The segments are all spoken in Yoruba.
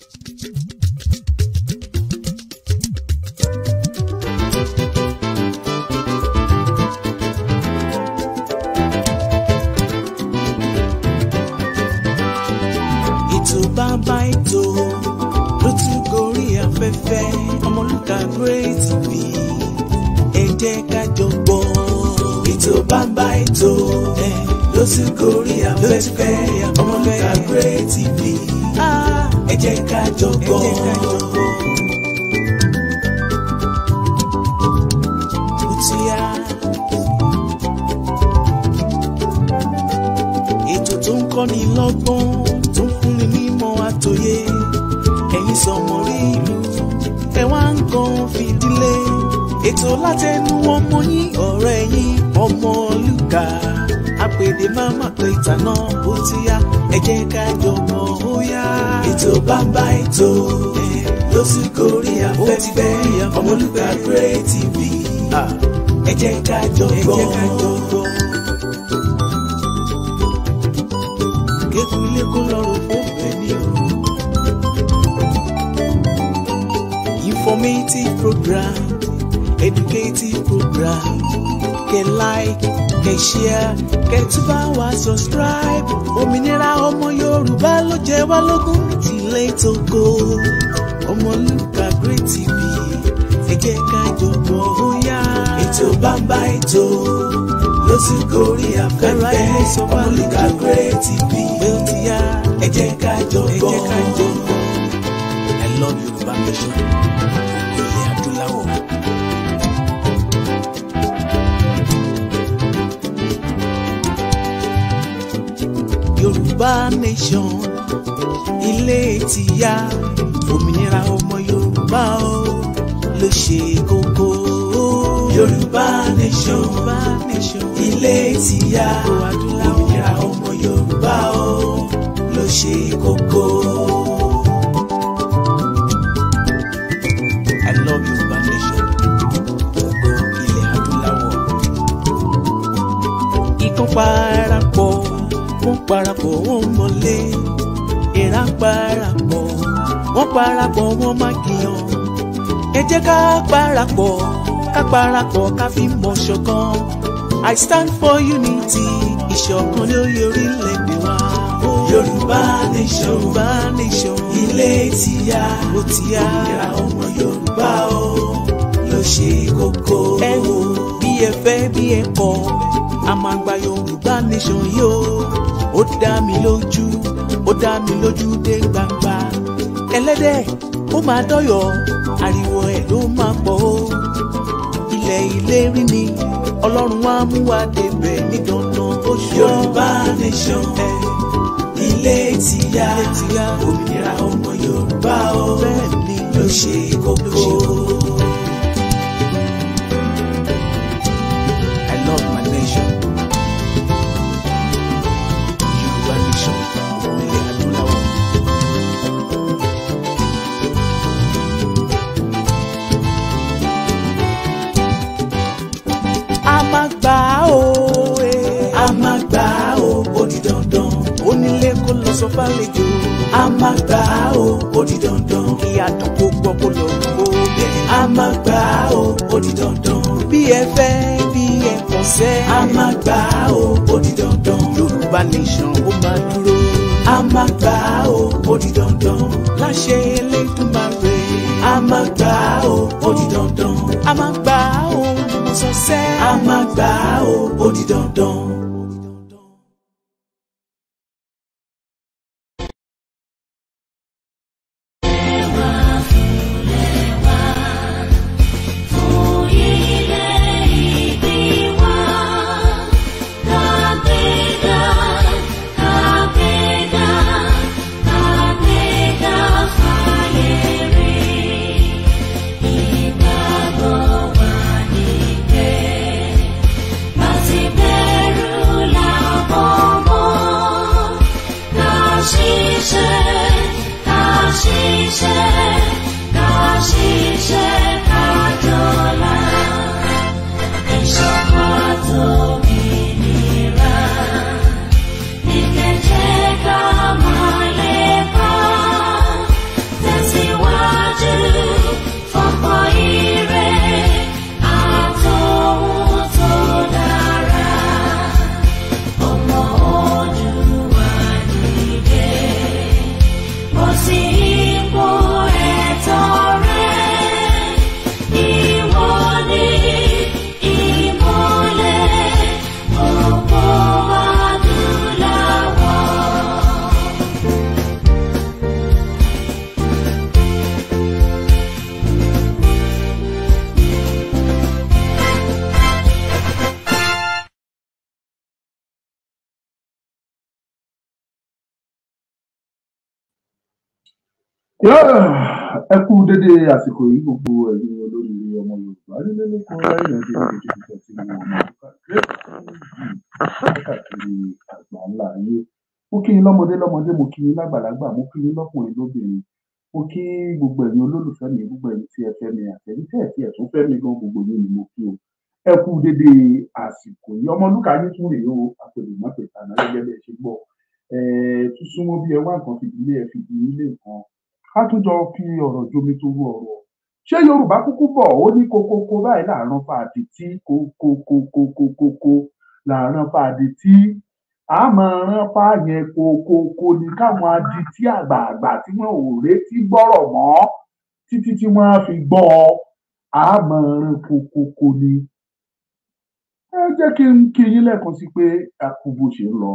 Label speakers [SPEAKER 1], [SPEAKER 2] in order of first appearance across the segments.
[SPEAKER 1] ètò bàbá ètò ló tún gorí afẹ́fẹ́ ọmọlúkà great tv ẹ jẹ́ ká jọ gbọ́ ètò bàbá ètò ẹ̀ ló ti gorí afẹ́fẹ́ ọmọ Kábré TV ẹ jẹ́ ká jọ gbọ́. ètò tó ń kọ́ni lọ́gbọ́n tó ń fúnni nímọ̀ àtòyé ẹ̀yin sọmọ rí ìlú ẹ wá ń kan fìdílé ètò látẹnu ọmọ yín ọ̀rẹ́ yín ọmọ Olúkà pèdè má má pè tàná bó ti yá ẹ jẹ́ ká jọ mọ̀ ó yá. ètò bàbá ètò ló sì gorí afẹ́fẹ́ Ọmọlúkà Great TV ká jọ gbọ́. kékun kó lọ́rùn fún ẹni o. informative program educative program kẹ́ like kẹ́ share kẹ́ tún bá wa subscribe òmìnira ọmọ Yorùbá ló jẹ wá lógún tilẹ̀ tógo Ọmọlúkà Great TV ẹ jẹ́ ká jọ̀bọ̀ ó yá. ètò bàbá ètò ló ti gorí afẹ́fẹ́ Ọmọlúkà Great TV ẹ jẹ́ ká jọ̀bọ̀ I love Yorùbá nation. yorùbá nation ilé tìyá òmìnira ọmọ yorùbá o ló ṣe kókó. yorùbá nation ilé tìyá òmìnira ọmọ yorùbá o ló ṣe kókó. parapọ̀ wọ́n parapọ̀ wọ́n máa kìyàn ẹ jẹ́ ká parapọ̀ ká parapọ̀ ká fi mọ̀ ṣọ̀kan I stand for unity ìṣọ̀kan lórí orílẹ̀-èdè wa. Yorùbá nation Yorùbá nation ilé tíya ó tíya ìlera ọmọ Yorùbá o ló ṣe kókó. ẹ wò bí ẹ fẹ́ bí ẹ kọ̀ àmàgbà Yorùbá nation yìí ó ó dá mi lójú ó dá mi lójú dé gbangba ẹlẹ́dẹ̀ ó máa dọ́yọ̀ ariwo ẹ̀ ló máa pọ̀ ó ilẹ̀ ìlérí ni ọlọ́run wa mú wa débẹ̀ ní dandan ó ṣe Yorùbá nation ẹ̀ ilé tìyá òmìnira ọmọ Yorùbá ó bẹ́ẹ̀ ni ló ṣe kókó. sọ fàlejò. a máa gbà ó ó di dandan. kí adùn kó gbọ́ kó lọ kó bẹ̀. a máa gbà ó ó di dandan. bí ẹ fẹ́ bí ẹ kàn fẹ́. a máa gbà ó ó dandan. Yorùbá nation ó máa dúró. a máa gbà ó ó dandan. láṣẹ Elédùmarè. a máa gbà ó ó dandan. a máa gbà ó mo a máa gbà ó ó
[SPEAKER 2] dandan. ẹ kú dédé àsìkò yìí gbogbo
[SPEAKER 3] ẹ̀yin olóríire ọmọ yorùbá nílé lóko láìlọ́dẹ ìdíje tí mo mọ̀ káàkiri àgbà ńlá ayé mo kí yín lọ́mọdé lọ́mọdé mo kí yín lágbàlagbà mo kí yín lọ́kùnrin lóbìnrin mo kí gbogbo ẹ̀yin olólùfẹ́ mi gbogbo ẹ̀yin tí ẹ fẹ́ mi àtẹ̀yìn tẹ̀ tí ẹ̀ tún fẹ́ mi gan gbogbo yín ni mo kí o ẹ kú dédé àsìkò yìí ọmọlúkà yín tún rèé o àpèlùmọ́pẹ̀tà náà gẹ́gẹ́ bẹ́ẹ̀ ṣe gbọ́ ẹ tún súnmọ́ bí ẹ wá nǹkan fìdílé ẹ fìdílé nǹkan ká tún jọ fi ọ̀rọ̀ jomi tó ru ọ̀rọ̀ ṣé yorùbá kúkú bọ̀ ó ní kokoko báyìí láàrán fàdí tí kokokokokoko láàrán fàdí tí a máa rán fàyẹn kokoko ní káwọn adití àgbààgbà tí wọn ò retí gbọ́rọ̀ mọ́ títí tí wọ́n á fi gbọ́ ọ a máa rán kokoko ní. ẹ jẹ́ kí n kí yín lẹ́ẹ̀kan sí pé a kú bó ṣe ń lọ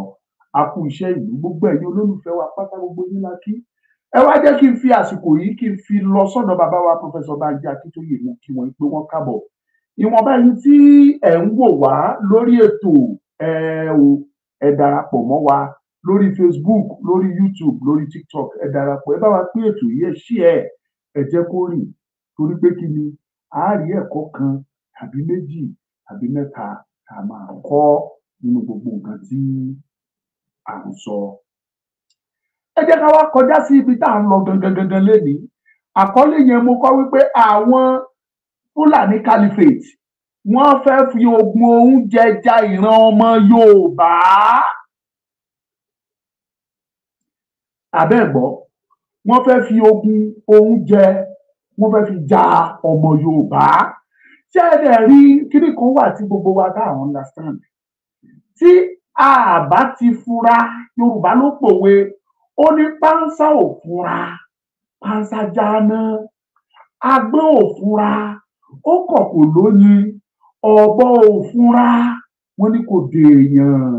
[SPEAKER 3] a kú iṣẹ́ ìlú gbogbo ẹ̀yin olólùfẹ́ wa pátá gbogbo yín la kí ẹ wá jẹ́ kí n fi àsìkò yìí kí n fi lọ sọ́dọ̀ bàbá wa Professor Banji Akíntóyè mú kí wọ́n pé wọ́n kábọ̀ ìwọ̀nba ẹni tí ẹ̀ ń wò wá lórí ètò ẹ darapọ̀ mọ́ wa lórí Facebook lórí YouTube lórí TikTok ẹ darapọ̀ ẹ bá wa pín ètò yìí ẹ ṣí ẹ ẹ jẹ́ kó rìn torí pé kí ni a rí ẹ̀kọ́ kan tàbí méjì tàbí mẹ́ta tá a máa kọ́ nínú gbogbo nǹkan tí à ń sọ ẹ jẹ́ ká wá kọjá sí ibi tá à ń lọ gangan lénìí àkọlé yẹn mo kọ wípé àwọn Fúlàní Caliphate wọ́n fẹ́ fi ogun oúnjẹ ja ìran ọmọ Yorùbá àbẹ́ẹ̀gbọ́ wọ́n fẹ́ fi ogun oúnjẹ wọ́n fẹ́ fi ja ọmọ Yorùbá ṣé ẹ dẹ̀ rí kíní kan wà tí gbogbo wa dá àwọn understand tí a bá ti fura Yorùbá ló pòwe ó ní pánsá ò fura pánsá jáná agbọ́n ò fura ó kọ̀ kò lóyin ọ̀bọ ò fura wọ́n ní kò dèèyàn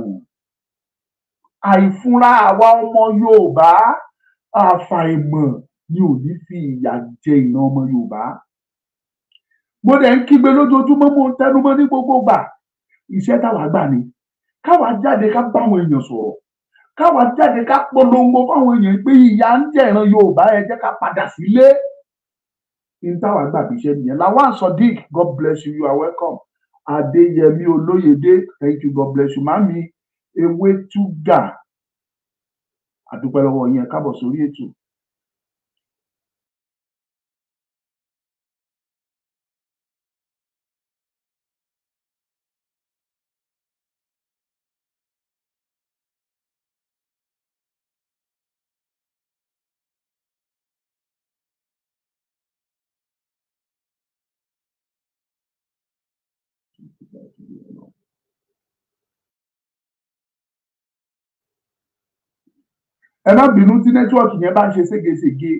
[SPEAKER 3] àìfura àwa ọmọ Yorùbá àfàìmọ̀ ni ò ní fi ìyà jẹ ìran ọmọ Yorùbá mo dẹ̀ ń kígbe lójoojúmọ́ mo ń tẹnumọ́ ní gbogbo gbà iṣẹ́ táwa gbà ni káwa jáde ká báwọn èèyàn sọ̀rọ̀ káwa jáde ká polongo fáwọn èèyàn pé ìyá ń jẹ ìran Yorùbá ẹ jẹ́ ká padà sílé ní gbàgbé iṣẹ́ nìyẹn Lawal Sodiq God bless you you are welcome Adéyẹmí Olóyèdé thank you God bless you mami Ewétúgà àdúpẹ́ lọ́wọ́ yẹn kábọ̀
[SPEAKER 2] sórí ètò ẹ má bínú tí
[SPEAKER 3] nẹ́tíwọ́ọ̀kì yẹn bá ń ṣe ségesège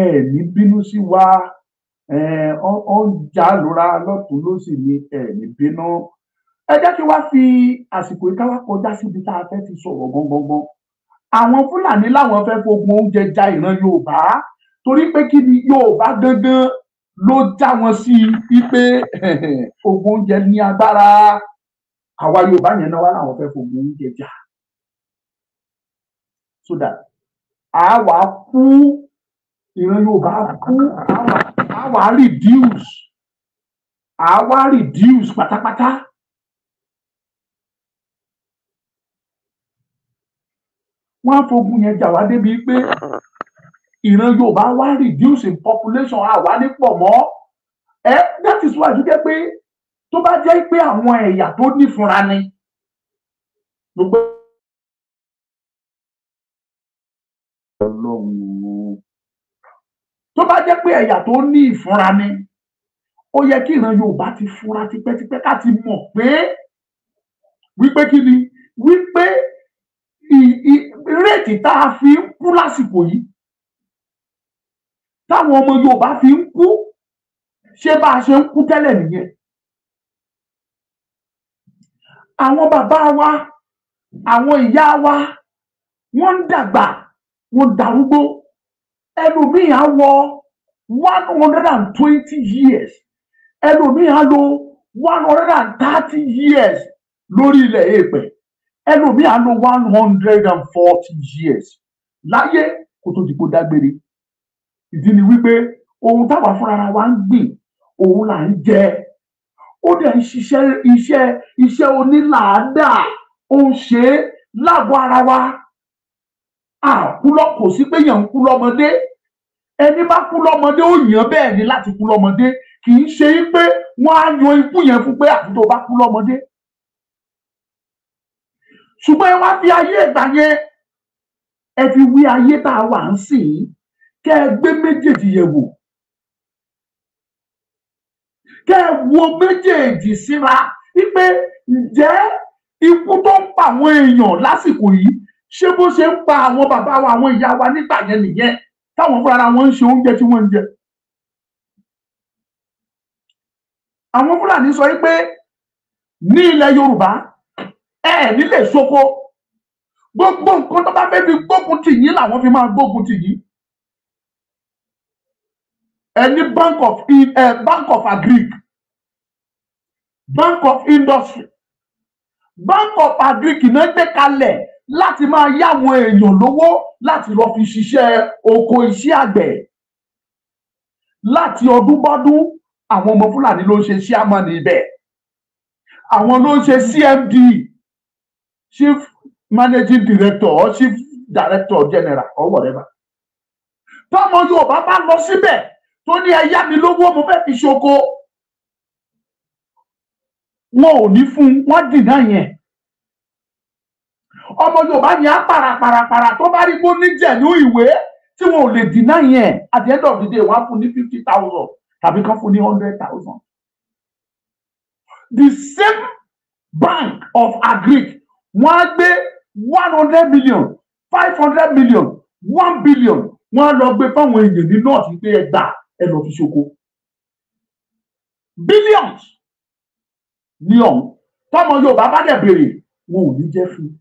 [SPEAKER 3] ẹ ní bínú sí wa ó ń já lóra lọ́tún lósì ní ẹ ní bínú ẹ jẹ́ kí wá fi àsìkò yìí ká wá kọjá síbi tá a fẹ́ ti sọ̀rọ̀ gbọngbọngbọn àwọn fúlàní làwọn fẹ́ fogun oúnjẹ ja ìran yorùbá torí pé kí ni yorùbá gangan ló já wọn sí i pé ogun oúnjẹ ní agbára àwa yorùbá yẹn náà wá làwọn fẹ́ fogun oúnjẹ ja so that àwa kú ìran Yorùbá kú àwa reduce àwa reduce pátápátá. wọ́n á fogun yẹn jà wá débi pé ìran Yorùbá wá reduce in population àwa ní pọ̀ mọ́
[SPEAKER 2] ẹ that is why jẹ́ pé tó bá jẹ́ pé àwọn ẹ̀yà tó ní fúnra ni. gbogbo ọlọ́run tó bá jẹ́ pé ẹ̀yà tó ní ìfúnra ni
[SPEAKER 3] ó yẹ kí ìran yorùbá ti fúnra tipẹ́tipẹ́ ká ti mọ̀ pé wípé kí ni wípé réètì tá a fi ń kú lásìkò yìí táwọn ọmọ yorùbá fi ń kú ṣé bá a ṣe ń kú tẹ́lẹ̀ nìyẹn àwọn bàbá wa àwọn ìyá wa wọ́n ń dàgbà wọ́n darúgbó ẹlòmíì á wọ one hundred and twenty years ẹlòmíì á lò one hundred and thirty years lórí ilẹ̀ èèpẹ̀ ẹlòmíì á lò one hundred and forty years láyé kó tó di kó dágbére ìdí ni wípé ohun táwa fúnra wa ń gbìn òun là ń jẹ ó dẹ̀ ń ṣiṣẹ́ iṣẹ́ iṣẹ́ onílàádà ó ń ṣe é lágọ̀ọ́ ara wa àkúlọ kò sí pé yàn ń kú lọ́mọdé ẹni bá kú lọ́mọdé ó yàn bẹ́ẹ̀ ni láti kú lọ́mọdé kì í ṣe pé wọ́n á yan ikú yẹn fún pé àtúntò bá kú lọ́mọdé ṣùgbọ́n ẹ wá fi ayé ìgbà yẹn ẹ fi wí ayé tá a wà ń sìn kẹ́ ẹ gbé méjèèjì yẹ̀ wò kẹ́ ẹ wo méjèèjì síra wípé ǹjẹ́ ikú tó ń pa àwọn èèyàn lásìkò yìí ṣé bó ṣe ń pa àwọn bàbá wa àwọn ìyá wa nígbà yẹn nìyẹn táwọn fúnra wọn ń ṣe oúnjẹ tí wọ́n ń jẹ. àwọn fúlàní sọ pé ní ilẹ̀ yorùbá ẹ ẹ̀ nílé soko gbogbo nǹkan tó bá fẹ́ fi gbógun tì yín làwọn fi máa gbógun tì yín ẹni bank of uh, bank of agric bank of industry bank of agric náà gbé kalẹ̀ láti máa yáwọn èèyàn lówó láti lọ fi ṣiṣẹ́ oko iṣẹ́ àgbẹ̀ láti ọdún bọ́dún àwọn ọmọ Fúlàní ló ń ṣe chairman ibẹ̀ àwọn ló ń ṣe CMD chief managing director chief director general or whatever tọmọ Yorùbá bá lọ síbẹ̀ tó ní ẹ yá mi lówó mo fẹ́ fi ṣoko wọn ò ní fún wọn dìnnà yẹn ọmọ yorùbá yẹn para para tó bá rí kó níjẹ̀lú ìwé tí wọn ò lè dínà yẹn at the end of the day wọn á fún ní fifty thousand tàbí kán fún ní hundred thousand. the same bank of agric wọn á gbé one hundred million five hundred million one billion wọn á lọ gbé fáwọn èèyàn ní north gbé ẹgbàá ẹ lọ fi ṣoko billions ní ọ̀hún tọmọ yorùbá bá dẹ̀ béèrè wọn ò ní jẹ́ fún un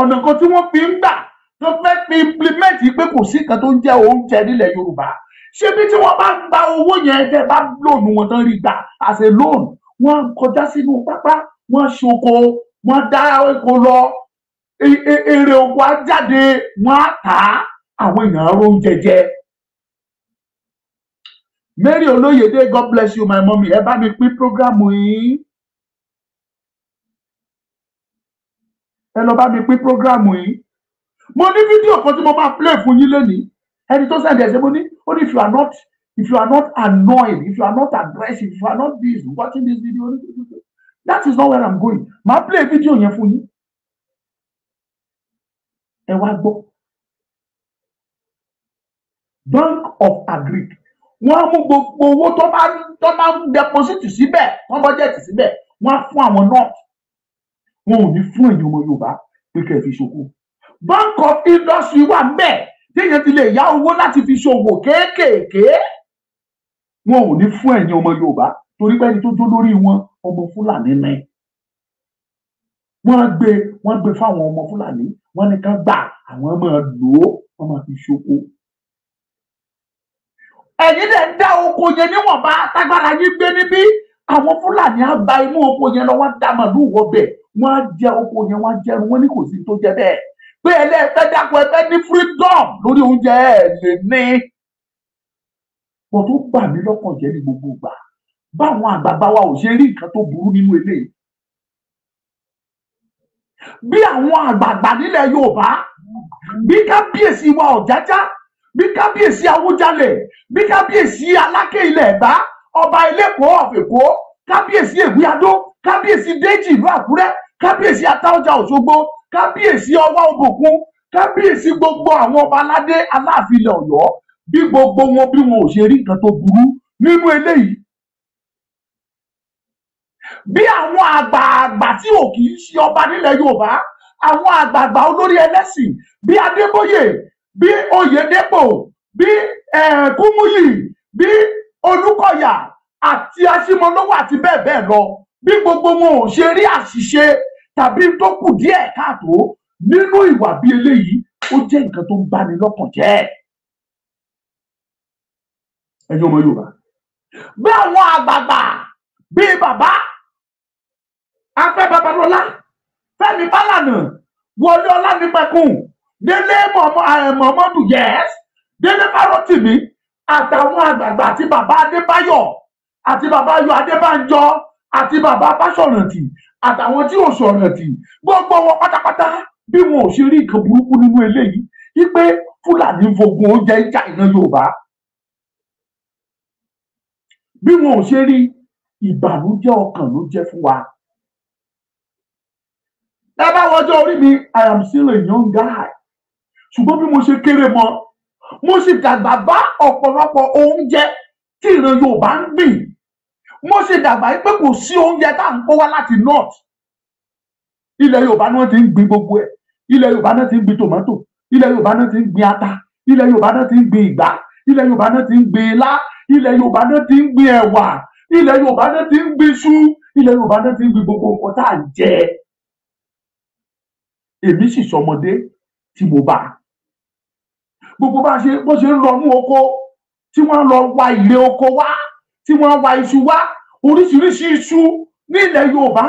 [SPEAKER 3] ọ̀nà kan tí wọ́n fi ń gbà tó fẹ́ fi implement pé kò sí nǹkan tó ń jẹ́ oúnjẹ nílẹ̀ Yorùbá ṣé bí tí wọ́n bá ń gba owó yẹn tẹ́ bá lóònù wọn tán rí gbà as a loan wọ́n kọjá sínú pápá wọ́n ṣoko wọ́n dá oko lọ e, e, èrè oko á jáde wọ́n á tà á àwọn èèyàn aró oúnjẹ jẹ. Mary Olóyèdé God bless you my mummy ẹ bá mi pín programu yìí. ẹ lọ bá mi pín prógrámù yìí mo ní fídíò kan tí mo máa play fún yín lónìí ẹni tó sẹ́ndẹ̀ ṣe mo ní ó ní if you are not if you are not annoyed if you are not aggressive if you are not this watching this video that is not where i'm going máa play fídíò yẹn fún yín ẹ wá gbọ́ bank of agric wọ́n á mú gbogbo owó tó bá ń deposit síbẹ̀ wọ́n budget síbẹ̀ wọ́n á fún àwọn north wọn ò ní fún ẹ̀yin ọmọ Yorùbá pé kẹ́ ẹ fi ṣòkò bank of industry wà bẹ́ẹ̀ téèyàn ti lè yá owó láti fi ṣòwò kéékèèké wọn ò ní fún ẹ̀yin ọmọ Yorùbá torí pé ẹni tó dó lórí wọn ọmọ Fúlàní ni wọ́n gbé wọ́n gbé fáwọn ọmọ Fúlàní wọ́n ní ká gbà àwọn máa lò ó wọ́n máa fi ṣòkò ẹ̀yin dẹ̀ ń dá oko yẹn níwọ̀nba tágbára yín gbé níbí àwọn Fúlàní á ba inú oko yẹn lọ wọ́n dá màlúù wọ wọ́n á jẹ oko yẹn wọ́n á jẹun wọ́n ní kò sí tó jẹ bẹ́ẹ̀ pé ẹlẹ́ẹ̀fẹ́ dákun ẹ̀fẹ́ ní freedom lórí oúnjẹ ẹ̀ lè ní. wọ́n bà mí lọ́kàn jẹ́ ní gbogbo ìgbà báwọn àgbààgbà wa ò ṣe rí nǹkan tó burú nínú eléyìí. bí àwọn àgbààgbà nílẹ̀ Yorùbá bí kábíyèsí wa Ọ̀jájá bí kábíyèsí Awújalè bí kábíyèsí Aláké ilẹ̀ Ẹ̀gbá ọba Ẹlẹ́kọ̀ọ́ ọ̀fẹ̀kọ́ kábíyèsí Ègúyàdó kábíyèsí Déjì ìlú Àkúrẹ́ kábíyèsí atáọjà òṣogbo kábíyèsí ọwá òbòkun kábíyèsí gbogbo àwọn ọba aládé aláàfin ilẹ̀ ọ̀yọ́ bí gbogbo wọn bí wọn ò ṣe rí nǹkan tó burú nínú eléyìí bí àwọn àgbààgbà tí ò kì í ṣe ọba nílẹ̀ yorùbá àwọn àgbààgbà olórí ẹlẹ́sìn bí adébóyè bí oyèdèpọ bí kúmúyì bí olúkọ̀yà àti aṣímọlówó àti bẹ́ẹ̀ bẹ́ẹ̀ lọ bí gbogbo wọn ò ṣe rí àṣìṣe tàbí tó kù díẹ̀ káàtó nínú ìwà bí eléyìí ó jẹ́ nǹkan tó ń bani lọ́kàn jẹ́. ẹ̀yin ọmọ Yorùbá bí àwọn àgbààgbà bíi bàbá Afẹ́ Babalọ́lá Fẹ́mi Fálànà Wọlé Ọlánipẹ̀kun Délé Mọ̀mọ́dù yẹ́s Délé Fárọ́tìmí àtàwọn àgbààgbà àti bàbá Adébáyọ̀ àti bàbá Ayọ̀ Adébánjọ àti bàbá Fásọ̀rántì àtàwọn tí ò sọ̀rọ̀ tì gbogbo wọn pátápátá bí wọn ò ṣe rí nǹkan burúkú nínú eléyìí wípé fúlàní fogun ó ìjà iná yorùbá bí wọn ò ṣe rí ìbànújẹ́ ọkàn ló jẹ́ fún wa. ẹ bá wọjọ́ orí mi i am still a young guy ṣùgbọ́n bí mo ṣe kéré mọ́ mo sì dàgbà bá ọ̀pọ̀lọpọ̀ oúnjẹ tí ìran yorùbá ń gbìn mo ṣe dàgbà yìí pé kò sí oúnjẹ tá à ń kó wá láti north ilẹ̀ yorùbá náà ti ń gbin gbogbo ẹ̀ ilẹ̀ yorùbá náà ti ń gbin tòmátò ilẹ̀ yorùbá náà ti ń gbin ata ilẹ̀ yorùbá náà ti ń gbin ìgbá ilẹ̀ yorùbá náà ti ń gbin ilá ilẹ̀ yorùbá náà ti ń gbin ẹ̀wà ilẹ̀ yorùbá náà ti ń gbin iṣu ilẹ̀ yorùbá náà ti ń gbin gbogbo nǹkan tá à ń jẹ èmi sì sọmọdé tí mo bá gbogbo bá ṣe bó ṣe ń lọ mú oko tí wọ́n lọ wa ìrè oko wá tí wọ́n wa iṣu wá oríṣiríṣi iṣu ní ilẹ̀ Yorùbá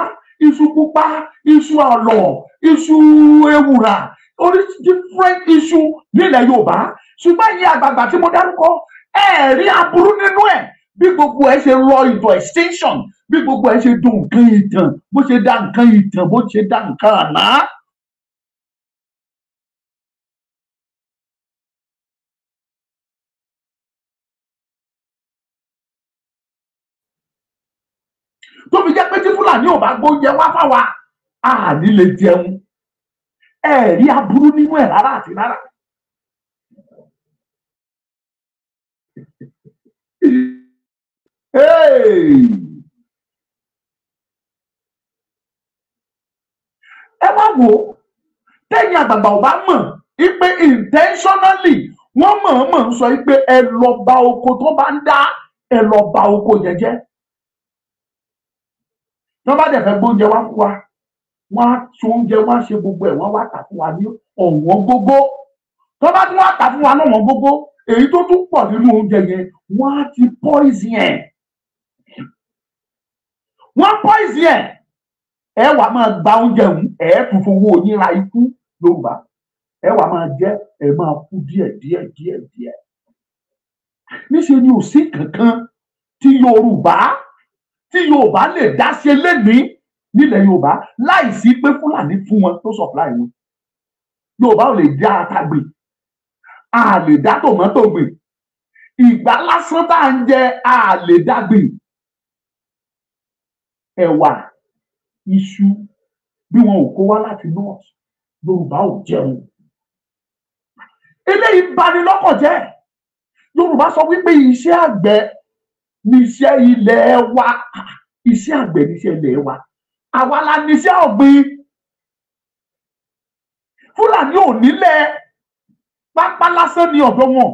[SPEAKER 3] iṣu pupa iṣu àlọ̀ iṣu ewùrà oríṣi different iṣu ní ilẹ̀ Yorùbá ṣùgbọ́n ìyẹn àgbààgbà tí mo dárúkọ ẹ̀ẹ̀rí aburú nínú ẹ̀ bí gbogbo ẹ̀ ṣe lọ ìdọ̀ extinction bí gbogbo ẹ̀ ṣe dùn nǹkan ìtàn bó ṣe dá nǹkan
[SPEAKER 2] ìtàn bó ṣe dá nǹkan àná fúlàní ò bá gbóúnjẹ wá fáwa àní lè jẹun
[SPEAKER 3] ẹ aburú nínú ẹ rárá àti rárá. ẹ wá wò ó tẹ̀yìn àgbààgbà ò bá mọ̀ ipe intentionally wọ́n mọ̀ọ́mọ̀ ń sọ pé ẹ lọ ba oko tó bá ń dá ẹ lọ ba oko yẹn jẹ́ wọ́n bá dẹ̀ fẹ́ gbóúnjẹ wá fún wa wọ́n á tún oúnjẹ wọ́n á ṣe gbogbo ẹ̀ wọ́n wá tà fún wa ní ọ̀wọ́n gógó tó bá tún wá tà fún wa ní ọ̀wọ́n gógó èyí tó tún pọ̀ nínú oúnjẹ yẹn wọ́n á ti poison ẹ̀ wọ́n poison ẹ̀ ẹ wàá máa gba oúnjẹ ọ̀hún ẹ̀ tún fowó yín ra ikú Yorùbá ẹ wàá máa jẹ ẹ máa kú díẹ̀ díẹ̀ díẹ̀ díẹ̀ níṣẹ́ ni ò kankan tí Yorùbá tí Yorùbá lè dá ṣe lẹ́nìí nílẹ̀ Yorùbá láì sí pé Fúlàní fún wọn tó supply wọn Yorùbá ò lè dá ata gbìn a lè dá tòmátò gbìn ìgbà lásán tá à ń jẹ a lè dá gbìn ẹ̀wà iṣu bí wọn ò kó wá láti north Yorùbá ò jẹun eléyìí bani lọ́kàn jẹ́ Yorùbá sọ wípé iṣẹ́ àgbẹ̀ níṣẹ́ ilẹ̀ wa iṣẹ́ àgbẹ̀ níṣẹ́ ilẹ̀ wa àwa la níṣẹ́ ọ̀gbìn fúlàní ò nílẹ̀ pápá lásán ni ọ̀dọ́ wọn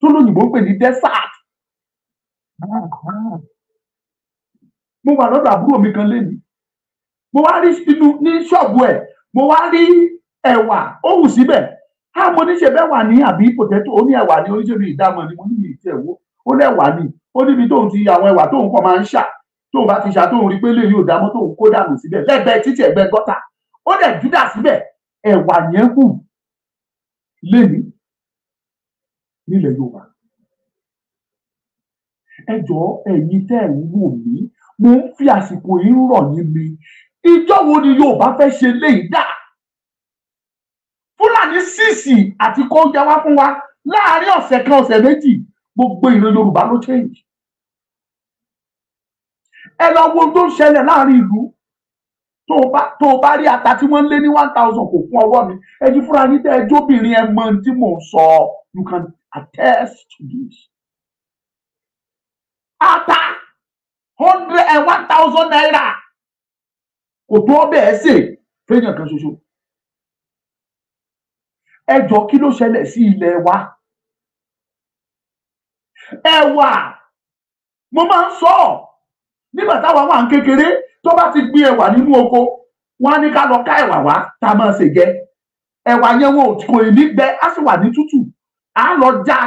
[SPEAKER 3] tó lóyìnbó pè ní desert mo wà lọ́dọ̀ àbúrò mi kan lẹ́nu mo wá rí inú ní ṣọ́ọ̀bù ẹ̀ mo wá rí ẹ̀wà ó wù síbẹ̀ á mo níṣe bẹ́ẹ̀ wà ní àbí pòtẹ́tò ó ní ẹ̀wà ní oníṣèlú ìdámọ̀ ni mo ní ìtẹ̀wọ́ ó lẹ́wà ni ó níbi tóun ti àwọn ẹwà tóun kọ́ máa ń ṣà tóun bá ti ṣà tóun rí pé lè yóò dámọ́ tóun kó dànù síbẹ̀ lẹ́gbẹ̀ẹ́ títí ẹ̀gbẹ́ gọ́tà ó dẹ̀ júdà síbẹ̀ ẹ̀wà yẹn hù lẹ́ni nílẹ̀ Yorùbá ẹ ẹ̀yin tẹ́ ẹ̀ wò mí mo ń fi àsìkò yìí rọ̀ yín mi ìjọ wo ni Yorùbá fẹ́ ṣe léyìí dà Fúlàní sísì àti kó jẹ wá fún wa láàárín ọ̀sẹ̀ kan ọ̀sẹ̀ méjì gbogbo ìran yorùbá ló change ẹ lọ wo tó ń ṣẹlẹ̀ láàrin ìlú tó bá tó bá rí ata tí wọ́n lé ní one thousand kò fún ọwọ́ mi ẹ ti fúnra ní tẹ ẹ jóbìnrin ẹ mọ tí mò ń sọ you can attest to this
[SPEAKER 2] ata hundred and eh, one thousand naira
[SPEAKER 3] kò tó bẹ́ẹ̀ ṣe fẹ́yàn kan ṣoṣo ẹ jọ kí ló ṣẹlẹ̀ sí ilẹ̀ wa ẹ̀wà mo máa ń sọ ọ nígbà táwa wà ń kékeré tó bá ti gbin ẹ̀wà nínú oko wọn á ní ká lọ ká ẹ̀wà wá tá a máa ṣe jẹ ẹ̀wà yẹn wọn kò ní gbẹ á sì wà ní tútù á lọ já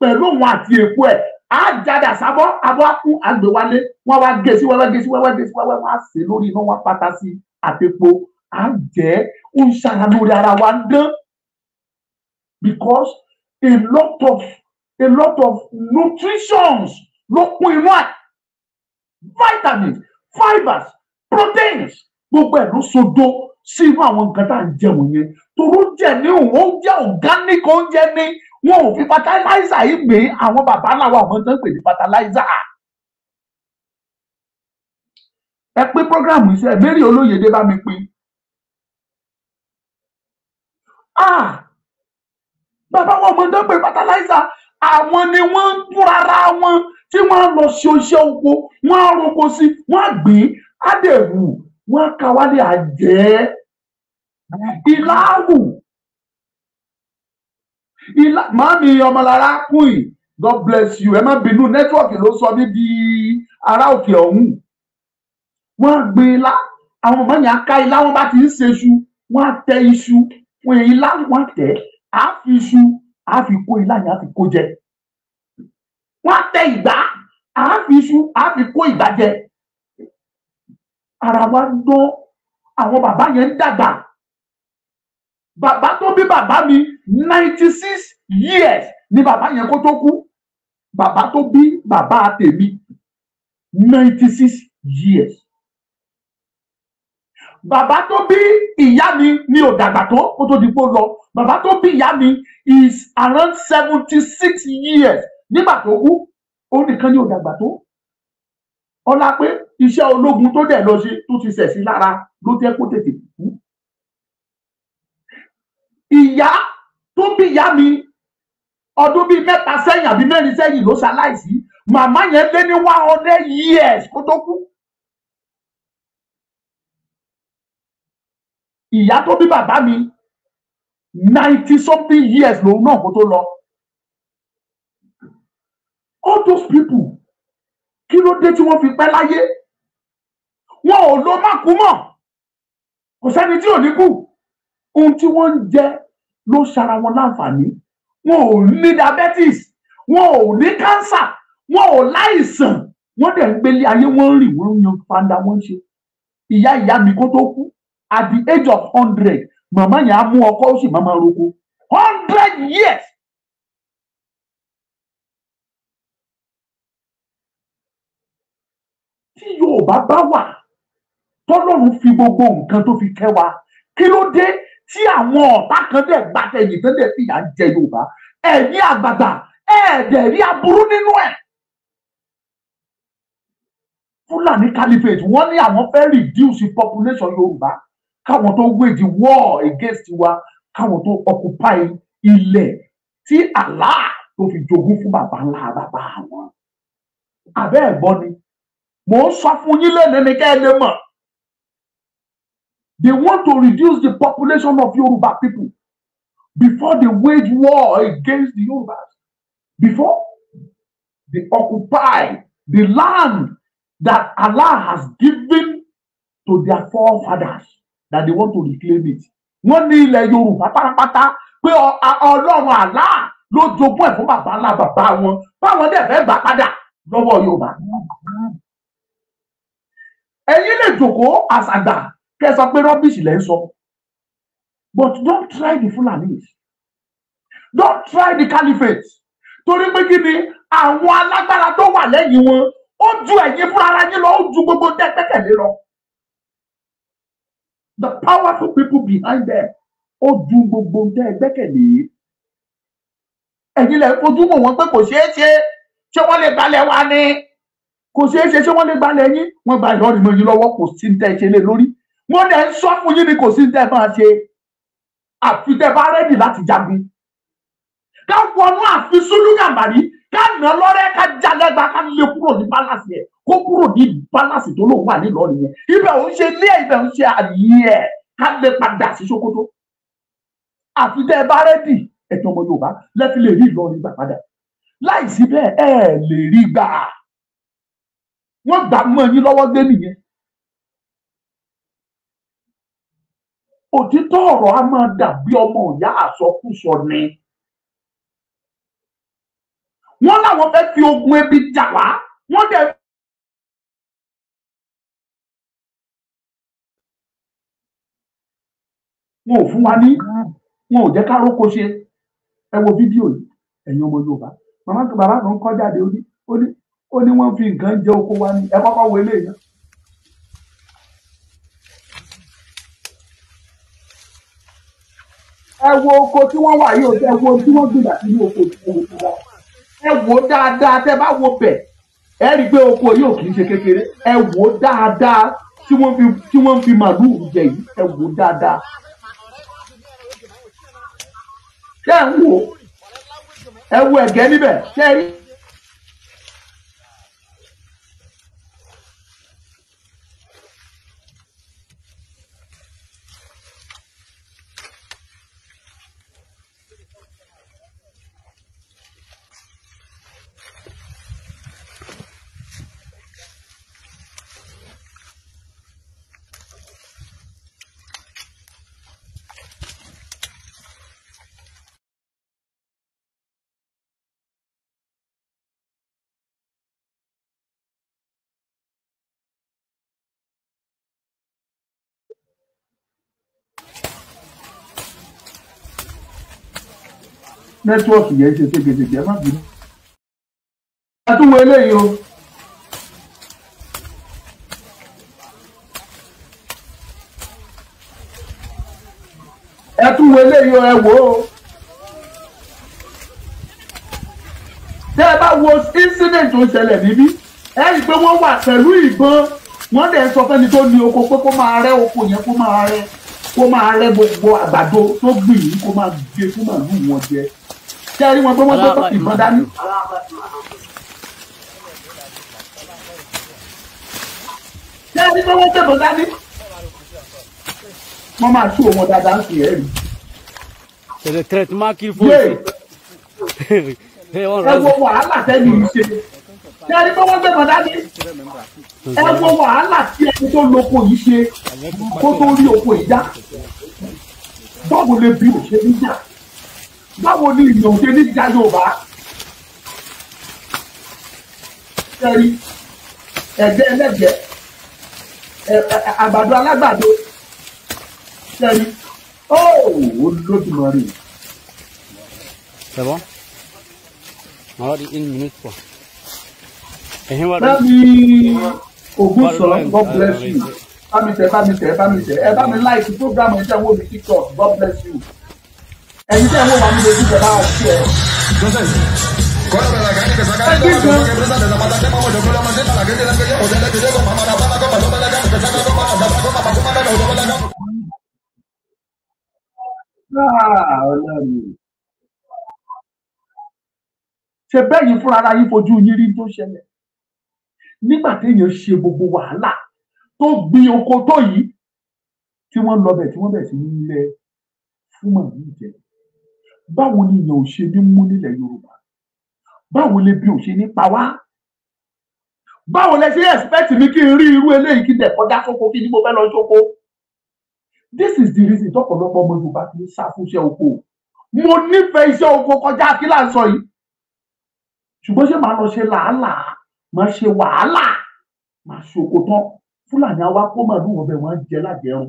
[SPEAKER 3] pẹ̀lú òun àti èpo ẹ̀ á jáde àsábọ́ abọ́ á kú àgbéwálé wọn wá gé sí wẹ́wẹ́ gé sí wẹ́wẹ́ gé sí wọn á sè lórí iná wọn pátá sí àtẹ̀pó à ń ó ń ṣara lórí ara wa dán because a lot of a lot of nutritions ló vitamins fibers proteins gbogbo ẹ̀ ló sodo sí inú àwọn nǹkan tá à ń jẹun yẹn toró jẹ ní oúnjẹ organic oúnjẹ ní wọn ò fi fertilizer yìí gbé àwọn bàbá ńlá wa ò mọ pè ní fertilizer
[SPEAKER 2] ẹ pín programu iṣẹ́ Mary Olóyèdé bá mi pín ah
[SPEAKER 3] bàbá wọn ò mọ fertilizer àwọn ni wọ́n ń kúrara wọn tí wọ́n lọ ṣe iṣẹ́ oko wọ́n á roko sí wọ́n á gbìn á dẹ̀ wù ìlàwù ìlà màámi ọmọlára kù yìí God bless you ẹ má bínú nẹ́tíwọ̀kì ló sọ mí di ará òkè ọ̀hún wọ́n á gbin ilá àwọn ọmọ yẹn á ká ilá wọ́n bá ti ń ṣe iṣu wọ́n tẹ iṣu wọ́n ilá wọ́n á tẹ̀ fi iṣu á fi kó ilá yẹn á fi kó jẹ wọn á tẹ ìgbà á fi iṣu á fi kó ìgbà jẹ ara wa ń àwọn bàbá yẹn ń dàgbà bàbá tó bí bàbá mi ninety six years ni bàbá yẹn kó tó kú bàbá tó bí bàbá tèmi ninety six years bàbá tó bí ìyá mi ni ò dàgbà tó kó tó di pé lọ bàbá tó bí ìyá mi is around seventy six years nígbà tó kú ó nìkan ni ò dàgbà tó ọlá pé iṣẹ́ ológun tó dẹ̀ lọ ṣe tó ti ṣẹ̀ sí lára ló jẹ́ kó tètè kú ìyá tó bí ìyá mi ọdún bíi mẹ́ta sẹ́yìn àbí mẹ́rin sẹ́yìn ló ṣaláìsí màmá yẹn lé ní one hundred years kó tó kú ìyá tó bí bàbá mi ninety something years lòun náà kó tó lọ all those people kí ló dé tí wọ́n fi pẹ́ láyé wọn ò lo mákú mọ́ kò sẹ́ni tí ò ní kú ohun tí wọ́n ń jẹ ló ṣara wọn láǹfààní wọn ò ní diabetes wọn ò ní cancer wọn ò láìsàn wọ́n dẹ̀ ń gbélé ayé wọ́n ń rìn wọ́n ń yan panda wọ́n ń ṣe ìyá ìyá mi kó tó kú at the age of hundred mama yẹn á mú ọkọ ó sì máa roko hundred years. tí Yorùbá bá wà tọ́lọ́run fi gbogbo nǹkan tó fi kẹ́ wa kí ló dé tí àwọn ọ̀tá kan dẹ̀ gbàtẹ̀yìn tó dẹ̀ fìyà jẹ Yorùbá ẹ̀yìn àgbàgbà ẹ̀ẹ́dẹ̀rí aburú nínú ẹ̀. Fúlàní caliphate wọ́n ní àwọn fẹ́ reduce population Yorùbá káwọn tó wage war against wa káwọn tó occupy ilẹ̀ tí Allah tó fi jogún fún bàbá ńlá bàbá wọn àbẹ́ ẹ̀gbọ́n ni mò ń sọ fún yín lẹ́nu ní kẹ́ẹ̀lẹ́ mọ̀ they want to reduce the population of Yoruba people before they wage war against the Yorubas before they occupy the land that Allah has given to their forefathers that they want to reclaim it wọ́n ní ilẹ̀ yorùbá pátápátá pé ọlọ́run àlá ló jogún ẹ̀ fún bàbá ńlá bàbá wọn báwọn dẹ̀ fẹ́ gbà padà lọ́wọ́ yorùbá. ẹ̀yin lè jókòó àṣàgbà kẹ́ sọ pé rọ́bìṣì lẹ́ ń sọ but don't try the Fulani. don't try the caliphate torí pé kí ni àwọn alágbára tó wà lẹ́yìn wọn ó ju ẹ̀yin fúnra yín lọ ó ju gbogbo dẹ́gbẹ́kẹ̀lé lọ the powerful people behind them ó ju gbogbo ń tẹ́ ẹ gbẹ́kẹ̀lé ẹ̀yin lẹ fojú mọ̀ wọ́n pé kò ṣeé ṣe ṣé wọ́n lè balẹ̀ wa ni kò ṣeé ṣe ṣé wọ́n lè balẹ̀ yín wọ́n gba ìlọrin mọ́ yín lọ́wọ́ kò sí ń tẹ́ ẹ ṣe lé lórí wọ́n dẹ̀ ń sọ fún yín ni kò sí ń tẹ́ ẹ máa ṣe àfi tẹ́ ẹ bá rẹ́dì láti jagun ká wọnú àfi súlùkàmàrí ká nà lọ́rẹ́ ká jalẹ́gba ká lè kúrò ní pálásì ẹ̀ kó kúrò ní balance tó lóun wà nílọrin yẹn ibẹ̀ òun ṣe ilé ibẹ̀ òun ṣe àyè ẹ̀ ká lè padà sí Sokoto àfi tẹ́ ẹ bá rẹ́dì ẹ̀tọ́ ọmọ Yorùbá lẹ́fi lè rí Ìlọrin gbà padà láì sí bẹ́ẹ̀ ẹ lè rí gbà wọ́n gbà mọ́ yín lọ́wọ́ gbé nìyẹn òtítọ́ ọ̀rọ̀ a máa dàbí ọmọ ìyá àsọkúsọ ni
[SPEAKER 2] wọ́n láwọn fẹ́ fi ogun ebi jà wá wọ́n dẹ̀ wọn ò fún wa ní wọn ò jẹ́ ká róko ṣe
[SPEAKER 3] ẹ wo fídíò yìí ẹ̀yin ọmọ Yorùbá màmá tó bàbá kan kọ́ jáde ó ní ó ní ó ní wọ́n fi nǹkan jẹ oko wa ní ẹ kọ́kọ́ wo eléyìí náà. ẹ wo oko tí wọ́n wà yìí o ẹ wo tí wọ́n gbìyànjú àti ní oko tí wọ́n ti wá ẹ wo dáadáa tẹ́ bá wo bẹ̀ ẹ rí i pé oko yìí ò kì í ṣe kékeré ẹ wo dáadáa tí wọ́n fi tí wọ́n fi màlúù jẹ yìí ẹ wo dáadáa ṣé ẹ ń wò ẹ wo ẹ̀gẹ́ níbẹ̀ ṣé ẹ rí nẹ́tíwọ̀kì yẹn ṣe ségesège ẹ má bínú. àtúwò eléyìí o. ẹ eléyìí o ẹ wò ó. tẹ́ ẹ bá wo incident tó ṣẹlẹ̀ níbí ẹ rí i pé wọ́n wà pẹ̀lú ìbọn wọ́n dẹ̀ sọ fẹ́ni tó ní oko pé kó máa rẹ́ oko yẹn kó máa rẹ́ kó máa rẹ́ gbogbo àgbàdo tó gbìn yìí kó máa gbé kó máa lù wọ́n jẹ ṣé rí wọn pé wọ́n gbé ìbọn dání. ṣé ẹ rí pé wọ́n dání. wọ́n máa tú òun dáadáa ń sìn ẹ́rì. c'est le traitement qu'il faut. ẹ
[SPEAKER 4] wo wàhálà sẹ́ni yìí
[SPEAKER 3] ṣe ṣé ẹni tó wọ́n gbẹ̀mọ̀ dání ẹ wo wàhálà tí ẹni tó lóko yìí ṣe kó tó rí oko ìjà bọ́ọ̀bù lè bí òṣèlú jà báwo ni ìlò òde ní ìjà Yorùbá ẹ̀rí ẹ̀gbẹ́ ẹlẹ́gbẹ́ àgbàdo alágbàdo ẹ̀rí ó lójúmọ́ rí. C'est bon? On va dire une minute quoi. Bámi Ògúnsọ̀, God bless you. Bámi tẹ̀, bámi tẹ̀, bámi tẹ̀. Ẹ bá mi láìsí program ẹ̀jẹ̀ wo mi TikTok, God bless you ẹ̀yin tẹ́ ń wò wá nílé ìjọba àti ẹ̀. ṣe bẹ́ẹ̀ yìí fúnra ara yín fojú yín rí tó ṣẹlẹ̀ nígbà téèyàn ṣe gbogbo wàhálà tó gbin oko tó yìí tí wọ́n lọ bẹ̀ tí wọ́n bẹ̀ sí ní ilẹ̀ fún màmí ìjẹ̀lẹ̀ báwo ni ìyẹn ò ṣe ní mú nílẹ̀ yorùbá báwo lè bí ò ṣe ní pa wá báwo lè ṣe expect mi kí n rí irú eléyìí kí n dẹ̀ kọjá sóko kí ni mo fẹ́ lọ sóko this is the reason tọ̀pọ̀lọpọ̀ ọmọ yorùbá fi ń sá fún iṣẹ́ oko mo nífẹ̀ẹ́ iṣẹ́ oko kọjá kí là ń sọ yìí ṣùgbọ́n ṣé màá lọ ṣe làálàá màá ṣe wàhálà màá ṣoko tán fúlàní àwa kó màá lù wọ́n bẹ̀ wọ́n á jẹ lájẹun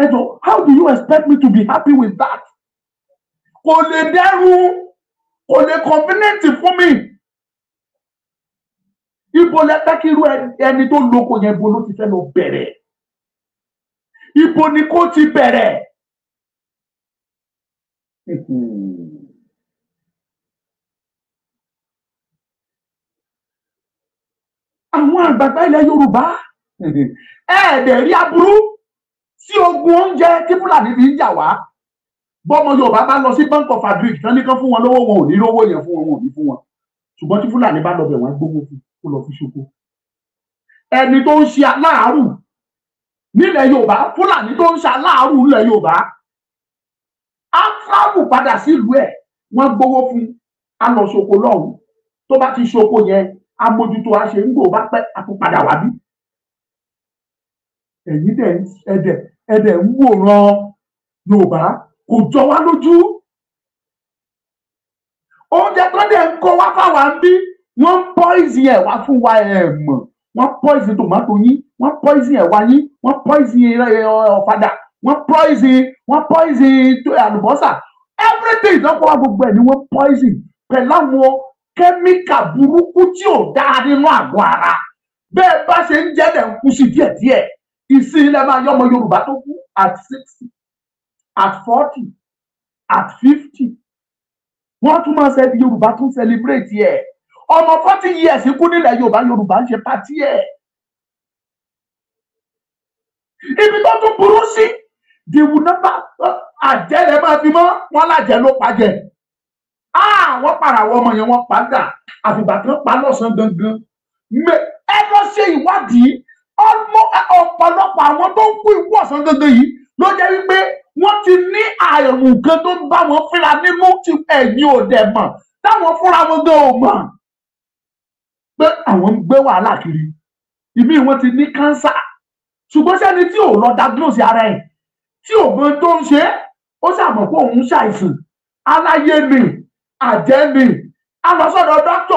[SPEAKER 3] ẹ how do you expect me to be happy with that kò lè dẹ́rù kò lè kọ́ńfínẹ́ǹtì fún mi ibo lẹ fẹ́ kí irú ẹni tó lóko yẹn ibo ló ti fẹ́ lọ bẹ̀rẹ̀ ibo ni kò ti bẹ̀rẹ̀ àwọn àgbàgbà ilẹ̀ Yorùbá ẹ̀ẹ́dẹ̀ rí aburú sí ogun oúnjẹ tí Fúlàní fi ń jà wá bọ́mọ Yorùbá bá lọ sí bank of agric tán nìkan fún wọn lówó wọn ò ní lówó yẹn fún wọn wọn ò ní fún wọn ṣùgbọ́n tí Fúlàní bá lọ bẹ̀ wọ́n gbówó fún kó lọ fi ṣoko ẹni tó ń ṣe aláàárù nílẹ̀ Yorùbá Fúlàní tó ń ṣe aláàárù nílẹ̀ Yorùbá á tábù padà sílùú ẹ̀ wọ́n gbówó fún á lọ ṣoko lọ́hùn tó bá ti ṣoko yẹn á mójútó á ṣe ń gbò bá pẹ́ àtúpadà wá bí ẹ̀yin dẹ̀ ẹ̀dẹ̀ ẹ̀dẹ̀ ń wòran Yorùbá kò jọ wá lójú oúnjẹ tó dẹ̀ ń kó wá fáwa ń bí wọ́n ń pọ́ìsì ẹ̀ wá fún wa ẹ̀ mọ̀ wọ́n pọ́ìsì tòmátò yín wọ́n pọ́ìsì ẹ̀wà yín wọ́n pọ́ìsì ọ̀fadà wọ́n pọ́ìsì wọ́n pọ́ìsì àlùbọ́sà everything lọ́pọ̀ wa gbogbo ẹ̀ ni wọ́n pọ́ìsì pẹ̀lú àwọn kẹ́míkà burúkú tí ò dáa nínú àgọ́ ara bẹ́ẹ̀ bá ṣe ń jẹ́ lẹ̀ ń kú sí díẹ̀díẹ̀ ìsìn ilẹ̀ máa yọ ọmọ Yorùbá tó kú at sixty at forty at fifty wọ́n tún máa ṣe yorùbá tún celebrate ẹ̀ ọmọ forty years kú nílẹ̀ yorùbá yorùbá ń ṣe pàtí ẹ̀ ibi tó tún burú sí dìwù nọ́mbà àjẹ́ rẹ̀ máa fi mọ́ wọn lájẹ́ ló pàjẹ́ ah, àwọn pàràwọ̀ ọmọ yẹn wọ́n padà àfìgbà kan pa lọ́sàn-án gangan ẹ lọ ṣe ìwádìí ọ̀pọ̀lọpọ̀ àwọn tó ń kú ìwọ̀sán gangan yìí ló jẹ́ wípé wọ́n ti ní àrùn kan tó ń bá wọn fúnra nímú tí ẹ̀yin ò dẹ̀ mọ̀ táwọn fúnra wọn gan ò mọ̀ pé àwọn ń gbé wàhálà kiri ìmí wọn ti ní kánsà ṣùgbọ́n sẹ́ni tí ò lọ diagnose ara ẹ̀ tí ò mọ tó ń ṣe ó ṣàmọ̀ pé òun ṣàìsàn aláyé ni àjẹ́ ni a lọ sọ́dọ̀ dókítà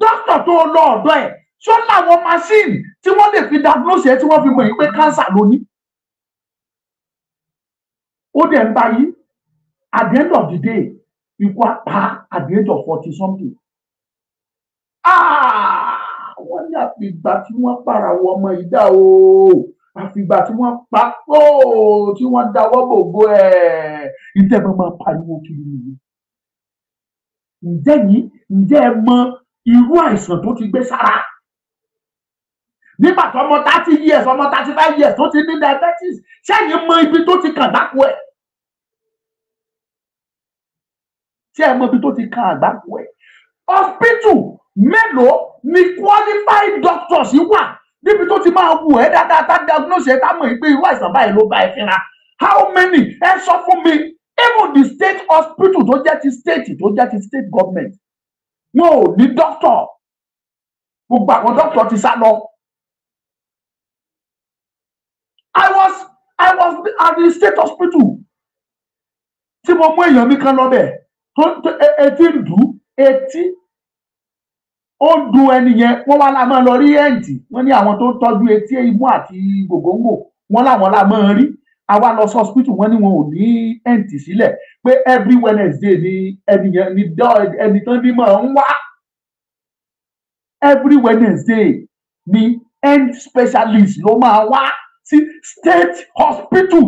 [SPEAKER 3] dókítà tó lọ ọ̀dọ̀ ẹ̀ ṣó láwọn machine tí wọ́n lè fi diagnose ẹ̀ tí wọ́n fi mọ̀ yìí pé kánsà ló ó dẹ̀ ń báyìí at the end of the day ikú apá at the age of forty something Ah, wọ́n ní àfìgbà tí wọ́n para wọ ọmọ ìdá o àfìgbà tí wọ́n pa ó tí wọ́n dáwọ́ gbogbo ẹ̀ ìtẹ́fẹ́ máa pariwo kiri nìyí ǹjẹ́ yìí ǹjẹ́ ẹ mọ irú àìsàn tó ti gbé sára nígbà tó ọmọ thirty years ọmọ thirty five years tó ti ní diabetes ṣẹ́yìn mọ ibi tó ti kàn dákú ẹ̀ tí ẹ mọ ibi tó ti kan àgbákò ẹ hospital mélòó ni qualified doctors wà níbi tó ti máa wù ẹ dáadáa tá diagnose ẹ tá mọ̀ pé irú àìsàn báyìí ló bá ẹ fínra how many ẹ sọ fún mi even the state hospital tó jẹ́ ti state tó jẹ́ ti state government wọn ò ní doctor gbogbo àwọn doctor ti sá lọ. I was I was at the state hospital tí mo mú èèyàn mi kan lọ bẹ́ẹ̀ E, etí ń dùn etí ó dùn ẹni yẹn wọ́n wá la máa lọ rí ẹǹtì wọ́n ní àwọn tó ń tọ́jú etí imú àti gògóńgò wọ́n láwọn la máa rí àwa lọ sí hospital wọ́n wọn ò ní ẹǹtì sílẹ̀ pé every wednesday ni ẹni yẹn ni dọ ẹni tán ní máa ń wá every wednesday ni end specialist ló máa wá sí state hospital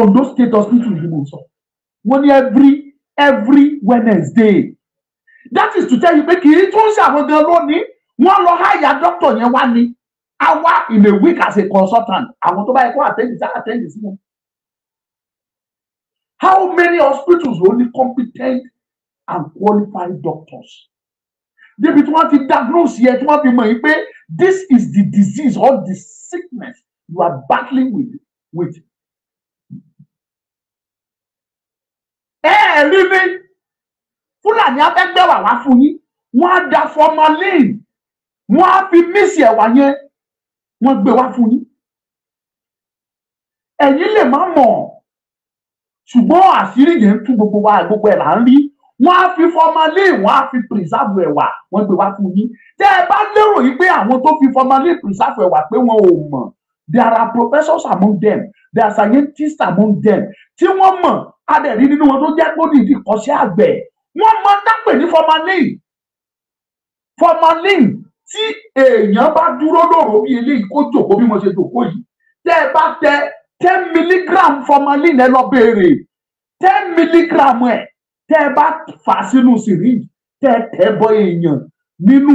[SPEAKER 3] Ondo state hospital ni mo sọ wọ́n ní every every Wednesday that is to tell you pé kì í tún ṣàwọn gan lónìí wọ́n lọ háyà doctor yẹn wá ní hour in a week as a consultant àwọn tó bá yẹ kó àtẹ́yìn sí àtẹ́yìn sí wọn. How many hospitals only competent and qualified doctors? Débi tí wọ́n ti diagnose yẹ tí wọ́n fi mọ̀ yín pé this is the disease or the sickness you are battling with with ẹ ẹ rí mi fúlàní afẹ́gbẹ́wà wá fún da formalin wọ́n fi mísì ẹ̀wà yẹn wọ́n gbé wá fún yín ẹ̀yin lè má mọ̀ ṣùgbọ́n àṣírí yẹn ń wa gbogbo ẹ̀ là ń rí fi formalin wọ́n á fi preserve ẹ̀wà wọ́n gbé wá fún yín tẹ́ ẹ bá lérò yìí pé àwọn tó fi formalin preserve ẹ̀wà pé wọn ò mọ̀ there are professors among them there are scientists among them Ti wọ́n mọ̀ a nínú wọn tó jẹ́ kó dìdí kọ́ṣẹ́ àgbẹ̀ wọ́n máa ń dápè ní formalin formalin tí èèyàn bá dúró lòrò bí eléyìí kó jòkó bí mo ṣe jòkó yìí tẹ́ ẹ bá tẹ ten milligram formalin ẹ lọ béèrè ten milligram ẹ tẹ́ ẹ bá fà sínú syringe tẹ́ ẹ tẹ́ bọ èèyàn nínú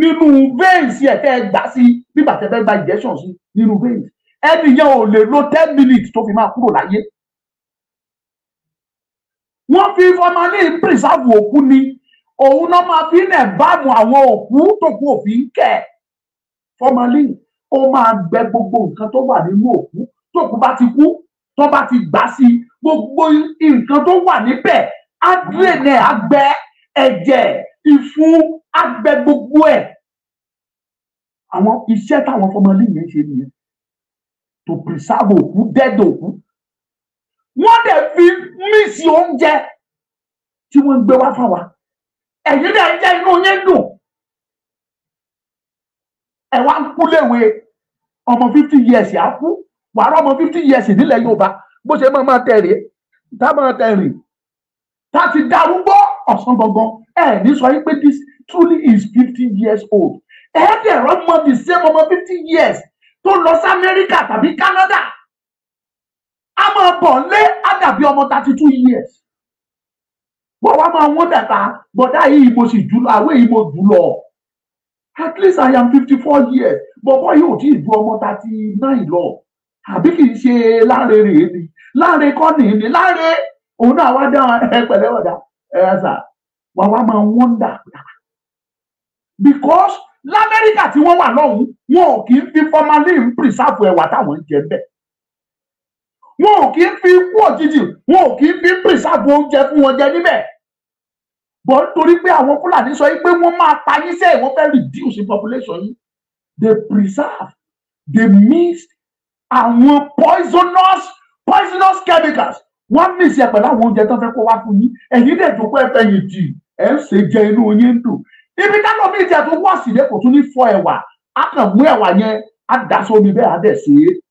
[SPEAKER 3] nínú veins ẹ tẹ́ ẹ gbà sí nígbà tẹ́ fẹ́ gba injection sí nínú veins ẹnìyẹn ò lè lo ten minutes tó fi máa kúrò láyé wọ́n fi formalin preserve òkú ni òun náà máa fi nẹ̀ báàmù àwọn òkú tó kú òfin kẹ̀ formalin ó máa gbẹ gbogbo nǹkan tó wà nínú òkú tó kú bá ti kú tó bá ti gbà sí gbogbo nǹkan tó wà níbẹ̀ á dìrẹ̀nẹ̀ á gbẹ ẹ̀jẹ̀ ìfun á gbẹ gbogbo ẹ̀ àwọn iṣẹ́ táwọn formalin yẹn ṣe nìyẹn to preserve òkú dead òkú wọ́n dẹ̀ fi mísì oúnjẹ tí wọ́n ń gbé wá fáwa ẹ̀yin náà ń jẹ́ inú yín dùn ẹ̀ wá ń kú léwe ọmọ fifty years á kú wàá rọ ọmọ fifty years nílẹ̀ Yorùbá bó ṣe máa máa tẹ̀ rèé tá máa tẹ̀ rèé tá ti darúgbó ọ̀sán gangan ẹ̀ ní sọ yín pé this truly is fifty years old ẹ̀ dẹ̀ rọ́mọ the same ọmọ fifty years tó lọ sí Amẹ́ríkà tàbí Canada a máa bọ̀ lé dàbí ọmọ thirty two years wọ́n wá máa wọ́n dàgbà bọ̀dá yìí mo sì jù àwé yìí mo jù lọ at least I am fifty four years bọ̀bọ̀ yìí ò tí ì ju ọmọ thirty nine lọ àbí kì í ṣe láre rèé ni láre kọ́ nìyí ni láre òun náà wá dá ẹ ọ̀dà ẹ ṣá wá máa wọ́n dà because lamẹ́ríkà tí wọ́n wà lọ́hùn-ún wọn ò kì í fi formalin preserve ẹ̀wà táwọn ń jẹ bẹ́ẹ̀ wọn ò kí ń fi ikú òjijì wọn ò kí ń fi pírísàbù oúnjẹ fún wọn jẹ níbẹ̀ bọ́ nítorí pé àwọn fúlàní sọ pé wọ́n máa ta yín sẹ́yìn wọ́n fẹ́ reduce population yín they preserve they mix àwọn poisonous poisonous chemicals wọ́n mix ẹ̀ pẹ̀lú àwọn oúnjẹ tó fẹ́ kó wá fún yín ẹ̀yin dẹ̀ tó kọ́ ẹ fẹ̀yìn tì ẹ̀ ń ṣe jẹ inú yín ń dùn ibi táwọn míì jẹ tó wọ́ọ̀sì lẹ́kọ̀ọ́ tún ní fọ ẹ̀wà á kàn mú ẹ̀wà yẹn á dà sómi bẹ́ẹ̀ á dẹ̀ ṣe é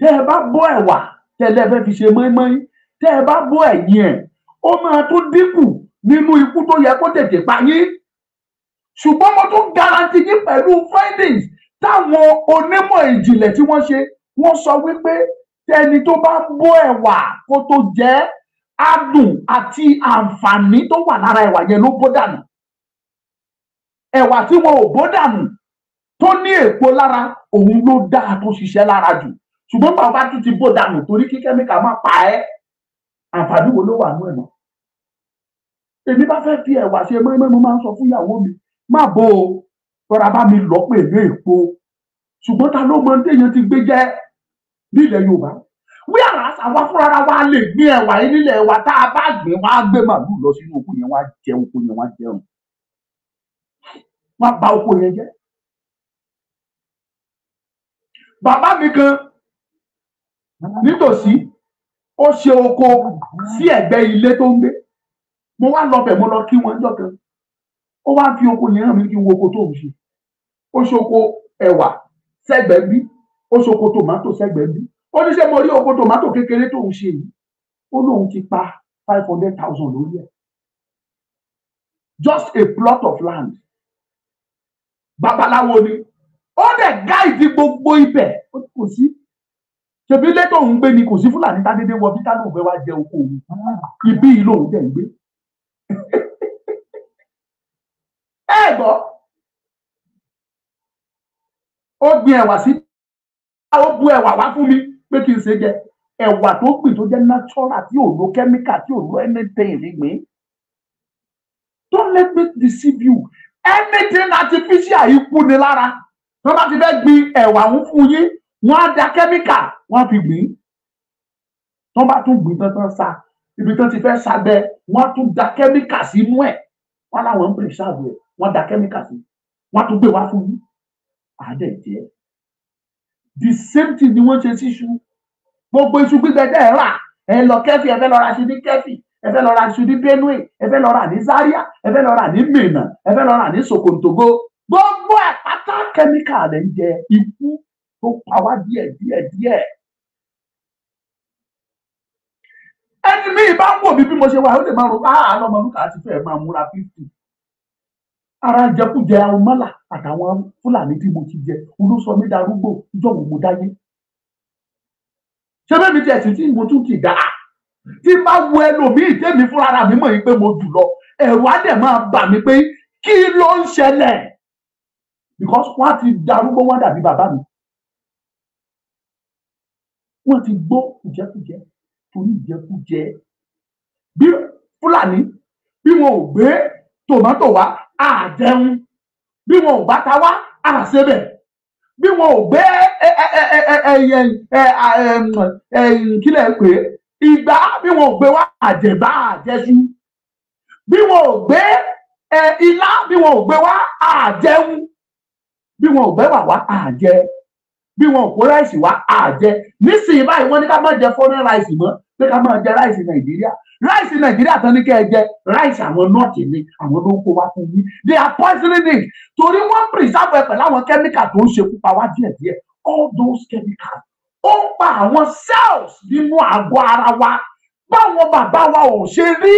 [SPEAKER 3] tẹ́ ẹ bá bọ́ ẹ̀wà tẹ́ ẹ fẹ́ fi ṣe mọ́ínmọ́ín tẹ́ ẹ bá bọ́ ẹ̀yìn ẹ̀ ó máa tún dínkù nínú ikú tó yẹ kó tètè pa ṣùgbọ́n mo tún garanti yín pẹ̀lú findings táwọn onímọ̀ ìjìnlẹ̀ tí wọ́n ṣe wọ́n sọ wípé tẹni tó bá bọ́ ẹ̀wà kó tó jẹ́ adùn àti àǹfààní tó wà lára ẹ̀wà yẹn ló bó dànù ẹ̀wà tí wọn ò bó dànù tó ní èpo lára òun ló dáa tó ṣiṣẹ́ lára jù ṣùgbọ́n bàbá tún ti bó dànù torí kí kẹ́míkà má pa ẹ́ àǹfààní wo ló wà nú ẹ̀ mọ́ èmi bá fẹ́ fi ẹ̀wà ṣe mọ́ẹ́mọ́ mo máa ń sọ fún ìyàwó mi má bò ó rọra bá mi lọ pẹ̀lú èpo ṣùgbọ́n ta ló mọ déyàn ti gbé jẹ́ nílẹ̀ Yorùbá wí àràsà wa fúnra wa lè gbé ẹ̀wà yìí nílẹ̀ wa tá a bá gbé wa gbé màálù lọ sínú oko yẹn wá jẹ oko yẹn wá jẹun wá bà oko yẹn jẹ́ bàbá mi kan nítòsí ó ṣe oko sí ẹ̀gbẹ́ ilé tó ń gbé mo wá lọ bẹ̀ mo lọ kí wọn níjọ́ kan ó wá fi oko yẹn hàn mí kí n wo oko tó ń ṣe ó ṣe oko ẹ̀wà sẹ́gbẹ̀ẹ́ bí ó ṣe oko tòmátò sẹ́gbẹ̀ẹ́ bí ó ní ṣé mo rí oko tòmátò kékeré tó ń ṣe yìí ó lóun ti pa five hundred thousand lórí ẹ̀ just a plot of land babaláwo ni ó dẹ̀ gáìdì gbogbo ibẹ̀ ó kò sí ṣebí lẹ́tọ̀ ń gbé ni kò sí fúlàní tádédé wọ bí tálóò fẹ́ wá jẹ oko òun ibi yìí lòun dẹ̀ ń gbé. ẹ gbọ́ ó gbin ẹ̀wà sí ó bu ẹ̀wà wá fún mi pé kí n ṣe jẹ ẹ̀wà tó gbìn tó jẹ́ natural tí ò lo kẹ́míkà tí ò lo anything nígbìn don't let me deceive you anything artificial ikú ni lára tó bá ti fẹ́ gbin ẹ̀wà ń fún yín wọ́n da kẹ́míkà wọ́n á fi gbìn tó bá tún gbìn tán tán sa ibi tó ti fẹ́ sabẹ wọ́n tún da kẹ́míkà sínú ẹ̀ wọ́n láwọn ń pè ṣáàbù ẹ̀ wọ́n da kẹ́míkà sí wọ́n á tún gbé wá fún yín àádẹ́ jẹ́ the same thing ni wọ́n ṣe síṣu gbogbo iṣu gbígbẹ dẹ́ ẹ̀ rà ẹ̀ lọ kẹ́fì ẹ̀ fẹ́ lọ ra ṣe ní kẹ́fì ẹ fẹ́ lọ ra iṣu ní benue ẹ fẹ́ lọ ra ní zaria ẹ fẹ́ lọ ra ní mina ẹ fẹ́ lọ ra ní sokontogo gbogbo ẹ̀ pátá kẹ́míkà lẹ ń jẹ ikú tó pa wá díẹ̀ díẹ̀ díẹ̀. ẹni mi bá ń wò mí bí mo ṣe wà ó lè máa ro báà ah, lọ́mọlúkà ti fẹ́ máa múra fífi ara jẹkújẹ ọmọlà àtàwọn fúlàní tí mo ti jẹ olóṣọ mi darúgbò jọ̀wọ́ mo dáyé ṣé bẹ́ẹ̀ mi tiẹ̀ tí mo tún kì í dáa tí bá wo ẹlòmíì tẹ́mi fúnra mi mọ̀ yìí pé mo jù lọ ẹ̀rù á máa bà mí pé kí ló ń ṣẹlẹ̀ because wọ́n á ti darúgbó wọ́n dàbí bàbá mi wọ́n ti gbó kùjẹ́kùjẹ́ torí ìjẹkújẹ bí fúlàní bí wọn ò gbé tòmátò wá à jẹun bí wọn ò bá ta wá à ṣebẹ̀ bí wọn ò gbé kílẹ̀ pé ìgbà bí wọn ò gbé wá àjẹbá àjẹsú bí wọn ò gbé ilá bí wọn ò gbé wá àjẹun bí wọn ò gbé wà wá àjẹ bí wọn kó ráìsì wá àjẹ nísìnyí báyìí wọn ní ká má jẹ foreign ráìsì mọ́ pé ká má jẹ ráìsì nàìjíríà ráìsì nàìjíríà tán ní kẹ́ ẹ jẹ ráìsì àwọn nọ́ọ̀tì ni àwọn ló ń kó wá fún yín they are poisoning it torí wọ́n preserve ẹ pẹ̀lú àwọn tó ń ṣekú pa wá díẹ̀díẹ̀ all those chemicals ó ń pa àwọn cells nínú àgọ́ ara wa báwọn bàbá wa ò ṣe rí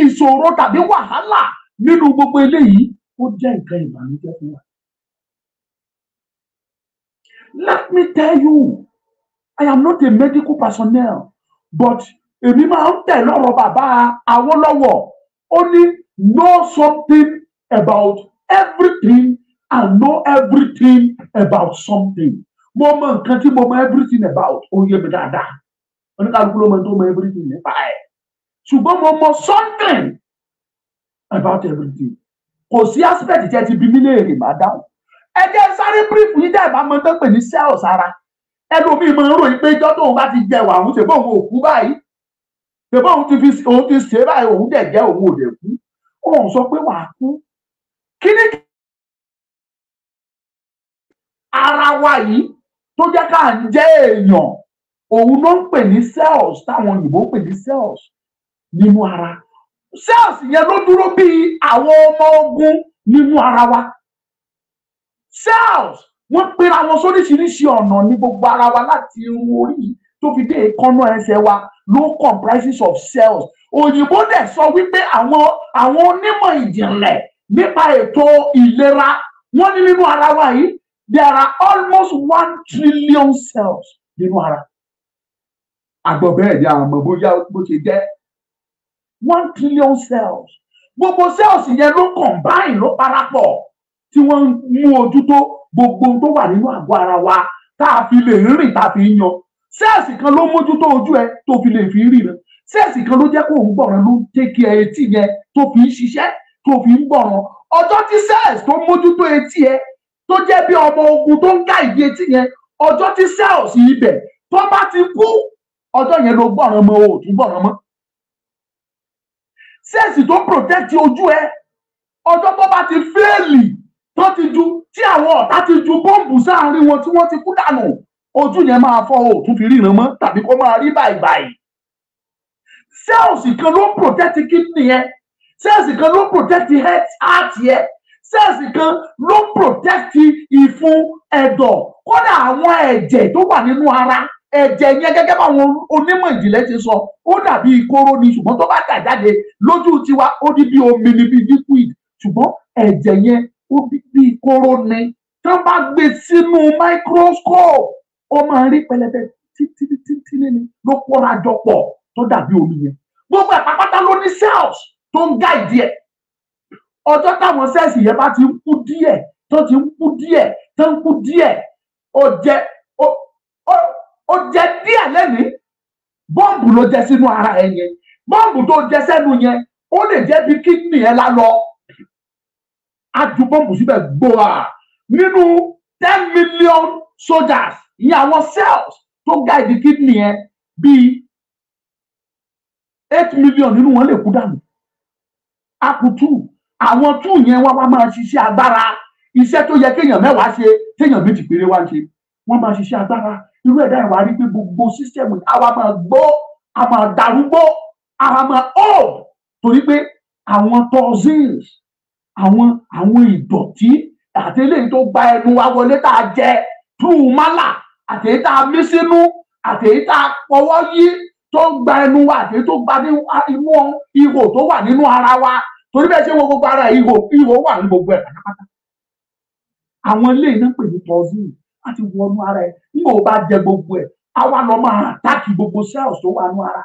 [SPEAKER 3] ìṣòro tàbí wàhálà nínú gbogbo eléyìí ó jẹ́ nǹkan ìbànújẹ́ fún wa let me tell you i am not a medical personnel but èmi máa ń tẹ̀ lọ́rọ̀ bàbá Awólọ́wọ̀ ó ní know something about everything and know everything about something mo mọ nǹkan tí mo mọ everything about ó yé mi dáadáa oníkàlùkù ló mọ tó mọ everything nípa ẹ̀ ṣùgbọ́n mo mọ something about everything kò sí aspect tí ẹ ti bí mí léèrè má dáhùn ẹ jẹ́ sáré bírífù yìí dẹ́ẹ̀ bá mọ tó pè ní cells ara ẹlòmíì máa ń ròyìn pé ìjọ́ tóun bá ti jẹ wà òun ṣèbó òun òkú báyìí ṣèbó òun ti fi òun ti ṣe báyìí òun dẹ̀ jẹ́
[SPEAKER 2] òun ò dẹ̀ kú òun sọ pé wàá kú kí ni ara wa yìí tó jẹ́ ká ń jẹ́ èèyàn
[SPEAKER 3] òun ló ń pè ní cells táwọn òyìnbó ń pè ní cells nínú ara cells yẹn ló dúró bíi àwọn ọmọ ogun nínú ara wa cells wọ́n pera wọn sóríṣiríṣi ọ̀nà ní gbogbo ara wa láti irun orí tó fi dé èékánná ẹsẹ̀ wa ló comprises of cells òyìnbó dẹ̀ sọ wípé àwọn àwọn onímọ̀ ìjìnlẹ̀ nípa ètò ìlera wọ́n ní nínú ara wa yìí there are almost one trillion cells nínú ara àgbọ̀ bẹ́ẹ̀ ni àmọ́ bóyá bó ṣe jẹ́ one trillion cells gbogbo cells yẹn ló combine ló parapọ̀ tí wọ́n ń mú ojú tó gbogbo tó wà nínú àgọ́ ara wa tá a fi lè rìn tá a fi ń yan sẹ́ẹ̀sì kan ló mójútó ojú ẹ tó fi lè fi rí rẹ sẹ́ẹ̀sì kan ló jẹ́ kó ń gbọ̀ràn ló ń tẹ́kí ẹ etí yẹn tó fi ń ṣiṣẹ́ tó fi ń gbọ̀ràn ọjọ́ tí sẹ́ẹ̀sì tó mójútó etí ẹ tó jẹ́ bí ọmọ ogun tó ń ká ìdí etí yẹn ọjọ́ tí sẹ́ẹ̀sì ibẹ̀ tó bá ti kú ọjọ́ yẹn ló gbọ̀ràn mọ́ o tún gbọ̀ràn mọ́ sẹ́ẹ̀sì tó protect ojú ẹ ọjọ́ tó bá ti fẹ́ẹ̀lì tó ti ju tí àwọn ọ̀tá ti ju bọ́ǹbù sáàárín wọn tí wọ́n ti kú dànù ojú yẹn máa fọ́ o tún ti ríran mọ́ tàbí kó máa rí bàìbàì cells kan ló ń protect kidney yẹn cells kan ló ń protect heart yẹn cells kan ló ń protect ìfun ẹ̀dọ̀ kódà àwọn ẹ̀jẹ̀ tó wà nínú ara ẹ̀jẹ̀ yẹn gẹ́gẹ́ báwọn onímọ̀ ìjìnlẹ̀ ti sọ ó dàbí kóró ni ṣùgbọ́n tó bá dà jáde lójú tiwa ó di bí omi ni bí liquid ṣùgbọ́n ẹ̀jẹ̀ yẹn ó bí kóró ni tó bá gbé sínú microscope ó máa rí pẹlẹbẹ títí títí nínú ló kóra jọ pọ̀ tó dàbí omi yẹn gbogbo ẹ̀ pápátá ló ní cells tó ń gáìdì ẹ̀ ọjọ́ táwọn cells yẹn bá ti ń kú díẹ̀ tó ti ń kú díẹ̀ tó ń kú díẹ̀ ó jẹ ó jẹ díẹ̀ lẹ́ni bọ́ǹbù ló jẹ sínú ara ẹ̀ yẹn bọ́ǹbù tó jẹ sẹ́nu yẹn ó lè jẹ́ bí kídìnì ẹ̀ la á ju bọ́ǹbù síbẹ̀ gbòòrà nínú ten million soldiers ìyẹn àwọn cells tó guide kidney yẹn bíi eight million nínú wọn lè kú dànù á kú two àwọn two yẹn wá wá máa ṣiṣẹ́ agbára iṣẹ́ tó yẹ kéèyàn mẹ́wàá ṣe kéèyàn méjì péré wá ṣe wọ́n máa ṣiṣẹ́ agbára irú ẹ̀dá ìwà rí pé gbogbo sísẹ̀mù àwa máa gbó a máa darúgbó a máa ó torí pé àwọn toxins àwọn àwọn ìdọ̀tí àti eléyìí tó gba ẹnu wa wọlé tá a jẹ túù málà àti èyí tá a mí sínú àti èyí tá a pọwọ́ yí tó gba ẹnu wa àti èyí tó gba inú ihò tó wà nínú ara wa torí bẹ́ẹ̀ ṣe wo gbogbo ara ihò ihò wà ní gbogbo ẹ̀ pátápátá àwọn eléyìí náà pè ní toxin láti wọnú ara ẹ nígbà wo bá jẹ gbogbo ẹ àwa lọ máa àtàkì gbogbo cells tó wà nú ara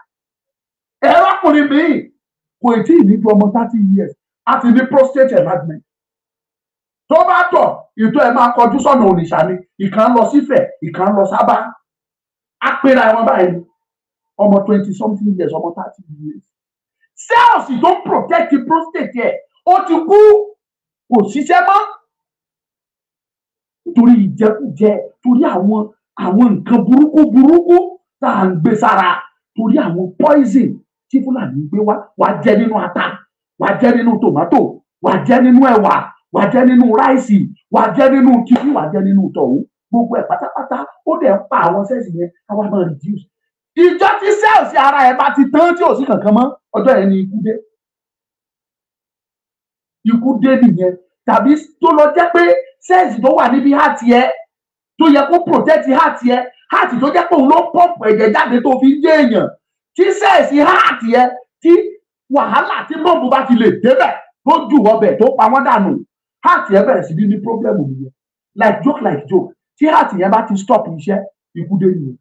[SPEAKER 3] ẹ rákùnrin mi kò tí ì ní ju ọmọ thirty years a ti ní prostate enlargement tó bá tọ̀ ìtọ̀ ẹ̀ máa kọjú sọ́nà òrìṣà ni ìkan lọ sífẹ̀ ìkan lọ sábà á pera wọn báyìí ọmọ twenty something years ọmọ thirty years cells tó ń protect the prostate ẹ̀ ó ti kú kò ṣiṣẹ́ mọ́ nítorí ìjẹkújẹ torí àwọn àwọn nǹkan burúkú burúkú tá à ń gbé sára torí àwọn poison tí fúlàní gbé wá wá jẹ nínú ata wàá jẹ nínú tòmátò wàá jẹ nínú ẹ̀wà wàá jẹ nínú ráìsì wàá jẹ nínú kìíní wàá jẹ nínú tọ̀hún gbogbo ẹ̀ pátápátá ó dẹ̀ ń pa àwọn sẹ́ẹ̀sì yẹn káwá máa reduce ìjọ tí sẹ́ẹ̀sì ara ẹ̀ bá ti tán tí ò sí kankan mọ́ ọjọ́ yẹn ni ikú dé ikú dé nìyẹn tàbí tó lọ jẹ́ pé sẹ́ẹ̀sì tó wà níbi háàtì ẹ̀ tó yẹ kó protect háàtì ẹ̀ háàtì tó jẹ́ pé òun ló pọ́ǹpù ẹ̀jẹ̀ jáde tó fi ń jẹ́ èèyàn tí sẹ́ẹ̀sì háàtì ẹ̀ tí wàhálà tí bọ́ọ̀bù bá ti lè débẹ̀ tó jù ọbẹ̀ tó pa wọ́n dànù heart yẹn bẹ̀rẹ̀ sí ní ní problem nìyẹn like joke like joke tí heart yẹn bá ti stop iṣẹ́ ikú dé nìyẹn.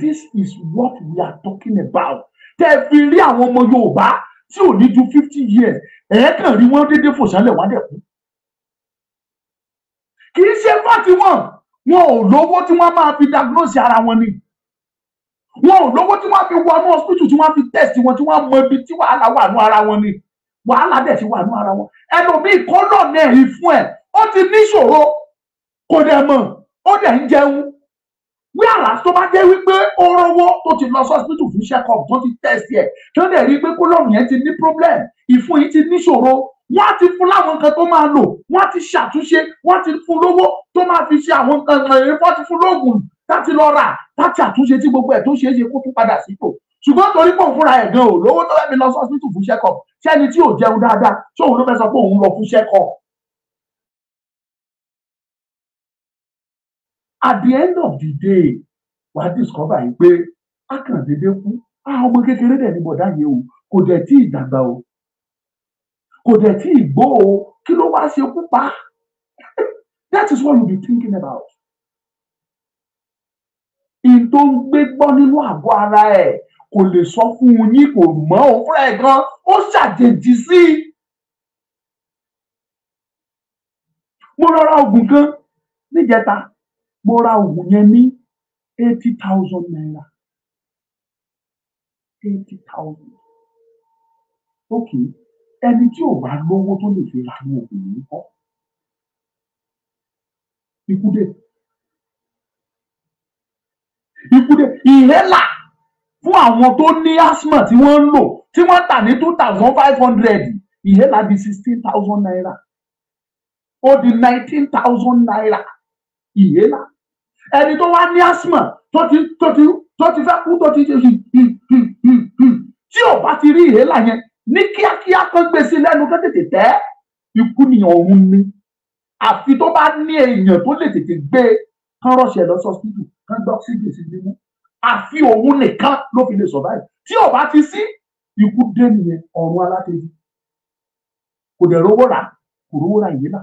[SPEAKER 3] this is what we are talking about tẹ́ ẹ fi rí àwọn ọmọ Yorùbá tí ò ní ju fifty years ẹ̀ẹ́kàn rí wọ́n déédéé fòṣánlẹ̀ wọ́n dẹ̀ kú. kì í ṣe fọ́ọ̀tì wọn wọn ò lówó tí wọ́n máa fi diagnose ara wọn ni wọn ò lówó tí wọ́n fi wọnú hospital tí wọ́n fi test wọn tí wọ́n mọ ibi tí wàhálà wà nú ara wọn ni wàhálà dẹ̀ ti wà nú ara wọn ẹlòmíì kọ́nà náà yìí fún ẹ̀ ó ti níṣòro kò dẹ̀ mọ̀ ó dẹ̀ ń jẹun wíàlà tó bá jẹ́ wípé ó rówó tó ti lọ hospital fún check up tó ti test ẹ̀ tó dẹ̀ rí i pé kọ́nà yẹn ti ní problem ìfun yìí ti níṣòro wọ́n á ti fún láwọn nǹkan tó máa lò wọ́n á ti ṣàtúnṣe wọ́n á ti fún lówó tó máa fi ṣe àwọn nǹkan ìrìn wọ́n ti fún lóògùn láti lọ rà láti àtúnṣe tí gbogbo ẹ̀ tó ṣeé ṣe kó tún padà sípò ṣùgbọ́n torí pé òun fúnra ẹ̀ gan ò
[SPEAKER 2] lówó tó fẹ́ẹ́ fi lọ sọ́sìtì fún ṣẹ́kọ̀ ṣẹ́ni tí ò jẹun dáadáa tí òun ló fẹ́ sọ pé òun lọ fún ṣẹ́kọ̀. at the end of the day wà á discover yìí pé a kàn déédéé kú àwọn ọmọ kékeré dẹ̀ ní bọ̀dá yẹn
[SPEAKER 3] o kò dẹ̀ tí ì dàgbà o kò dẹ̀ tí ì gbó o kí ló wá ṣe kú pa that is what you be thinking about ihun tó ń gbé gbọ́ nínú àgọ́ ara ẹ̀ kò lè sọ fún un yín kò mọ̀ òun fúnra ẹ̀ gan ó ṣàjèjì sí i. mo rọra oògùn kan níjẹta mo ra oògùn yẹn ní eighty thousand naira eighty thousand ok ẹni tí ò bá lówó tó lè fi ra àwọn oògùn yìí kọ́ ikú dé ikú dé ìhélà fún àwọn tó ní asthma tí wọ́n ń lò tí wọ́n tà ní two thousand five hundred ìhélà di sixteen thousand naira ó di nineteen thousand naira ìhélà ẹni tó wá ní asthma tó ti tó ti tó ti fẹ́ kú tó ti ṣe tí ò bá ti rí ìhélà yẹn ní kíákíá kan gbé sí lẹ́nu kó tètè tẹ́ ikú nìyẹn òun ni àfi tó bá ní èèyàn tó lè tètè gbé e, kán rọ̀ṣẹ̀ lọ sọ́sítù kán gbọ́ síjì sí mímú àfi òun nìkan ló fi lè survive tí ò bá ti sí ikú dé nìyẹn ọ̀run alátẹ́jú kò dẹ̀ rówó rà kò rówó rà yìí là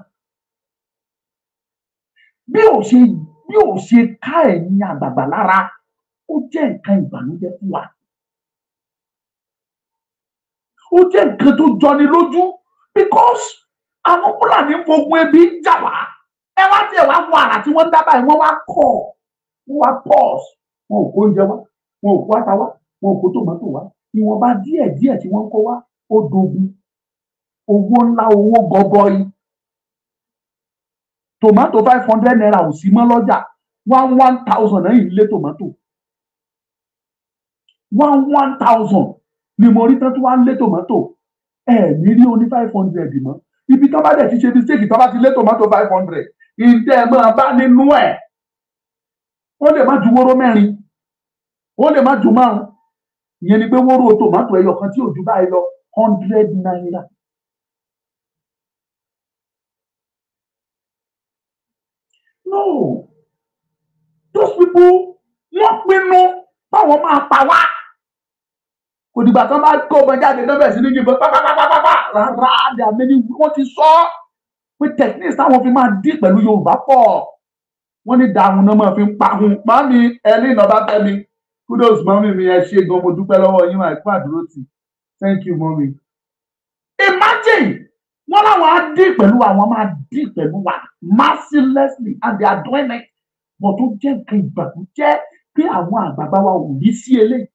[SPEAKER 3] bí ò ṣe bí ò ṣe ká ẹ̀yin àgbààgbà lára ó jẹ́ nǹkan ìbànújẹ́ fún wa ó jẹ́ nǹkan tó jọni lójú because àwọn fúlàní ń fogun ebi ń jà wá ẹ wá tiẹ̀ wá mú àrà tí wọ́n ń dábàá ẹ̀ wọ́n wá kọ̀ ọ́ wọ́n wá pọ́ọ̀sì wọn ò kó oúnjẹ wá wọn ò kó ata wá wọn ò kó tòmátò wá ìwọ̀nba díẹ̀ díẹ̀ tí wọ́n ń kó wá ó dogun owó ńlá owó gọbọi tòmátò five hundred naira ò sí mọ́ lọ́jà one one thousand náà yìí lé tòmátò one one thousand ni mo rí tán tí wọ́n á lé tòmátò ẹ̀ ní rí oní five hundred mọ́ ibi tó bá dẹ̀ ti ṣe mistake tó bá ti lé tòmátò five hundred ìdẹ́ máa bá nínú ẹ̀ ó lè má ju wóró mẹ́rin ó lè má ju márùn ìyẹn ni pé wóró tòmátò ẹyọ kan tí ò ju báyìí lọ hundred naira. no those people wọ́n pinnu báwọn máa pa wá kò dìgbà kan bá kó ọmọ jáde lọ́bẹ̀ sí ní yìnbọn pápápápápá rárá àdàmẹ́ni wọ́n ti sọ pé techniques táwọn fi máa dí pẹ̀lú Yorùbá pọ̀ wọ́n ní dàrún náà máa fi ń pahun máa ní ẹni ìnàbà tẹ́mi kudos mọ́mí mi ẹ ṣe gan mo dúpẹ́ lọ́wọ́ yín máa kú àdúró tì thank you mọ́mí. imagine wọ́n láwọn á dín pẹ̀lú àwọn máa dín pẹ̀lú wa mercilessly and they are doing it but tó jẹ́ nǹkan ìbànújẹ́ pé àwọn àgbààgbà wa ò ní sí eléyìí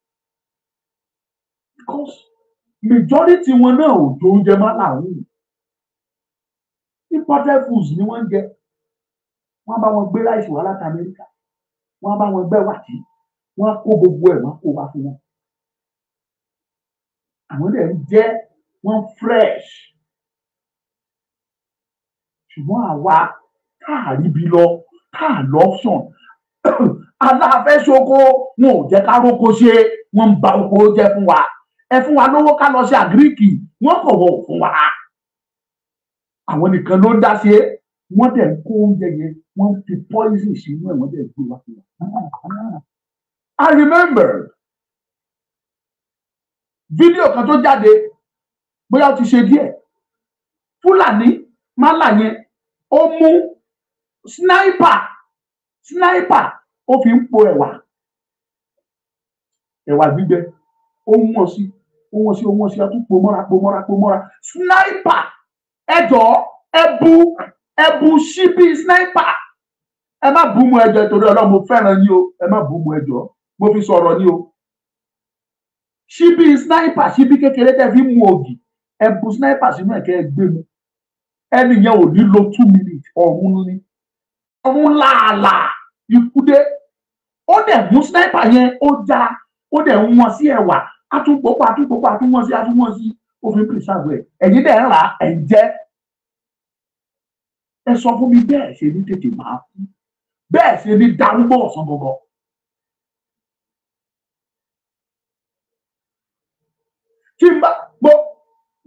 [SPEAKER 3] because majority wọn náà ò tó oúnjẹ má làwọn imported foods ni wọ́n ń jẹ wọ́n á bá wọn gbé láìsí wá láti amẹ́ríkà wọ́n á bá wọn gbẹ́ wàtí wọ́n á kó gbogbo ẹ̀ wọ́n á kó wá fún wọn. àwọn dẹ̀ ń jẹ́ wọ́n fresh ṣùgbọ́n àwa káàríbi lọ káàlọ́sàn aláfẹ́sọ́kọ́ wọn ò jẹ́ ká róko ṣe wọ́n ń ba oko jẹ́ fún wa ẹ fún wa lówó ká lọ sí àgíríkì wọ́n kọ̀ wọ́n fún wa àwọn nìkan ló ń dá ṣe wọ́n dẹ̀ ń kó oúnjẹ yẹn wọ́n fi poison sínú ẹ̀ wọ́n dẹ̀ gbé wá sí wa. Ah, ah, ah. I remember fídíò kan tó jáde bóyá ó ti ṣe díẹ̀ Fúlàní málà yẹn ó mú sniper sniper ó fi ń po ẹ̀wà ẹ̀wà gbígbẹ ó ń wọ́n sí ó wọ́n sí ó wọ́n sí ó tún po mọ́ra po mọ́ra po mọ́ra sniper ẹ̀jọ̀ ẹ̀bú ẹbù ṣíbí sniper ẹ má bú mu ẹjọ torí Ọlọ́run mo fẹ́ràn yín o ẹ má bú mu ẹjọ mo fi sọ̀rọ̀ ni o ṣíbí sniper ṣíbí kékeré tẹ́ fi mu ògì ẹbù sniper sínú ẹkẹ gbé mu ẹni yẹn ò ní lo two minutes ọ̀hún ni ọ̀hún làálà ikú dé ó dẹ̀ mú sniper yẹn ó já ó dẹ̀ ń wọn sí ẹ̀wà àtúgbòpọ̀ àtúgbòpọ̀ àtúwọ̀n sí àtúwọ̀n sí òfin pèsè àgbẹ̀ ẹ̀yin dẹ̀ ń rà ẹ̀ ń jẹ́ ẹ sọ fún mi bẹ́ẹ̀ ṣe ní tètè máa kú bẹ́ẹ̀ ṣe ní darúgbó ọ̀sán gbọ̀ngàn. tí n bá mo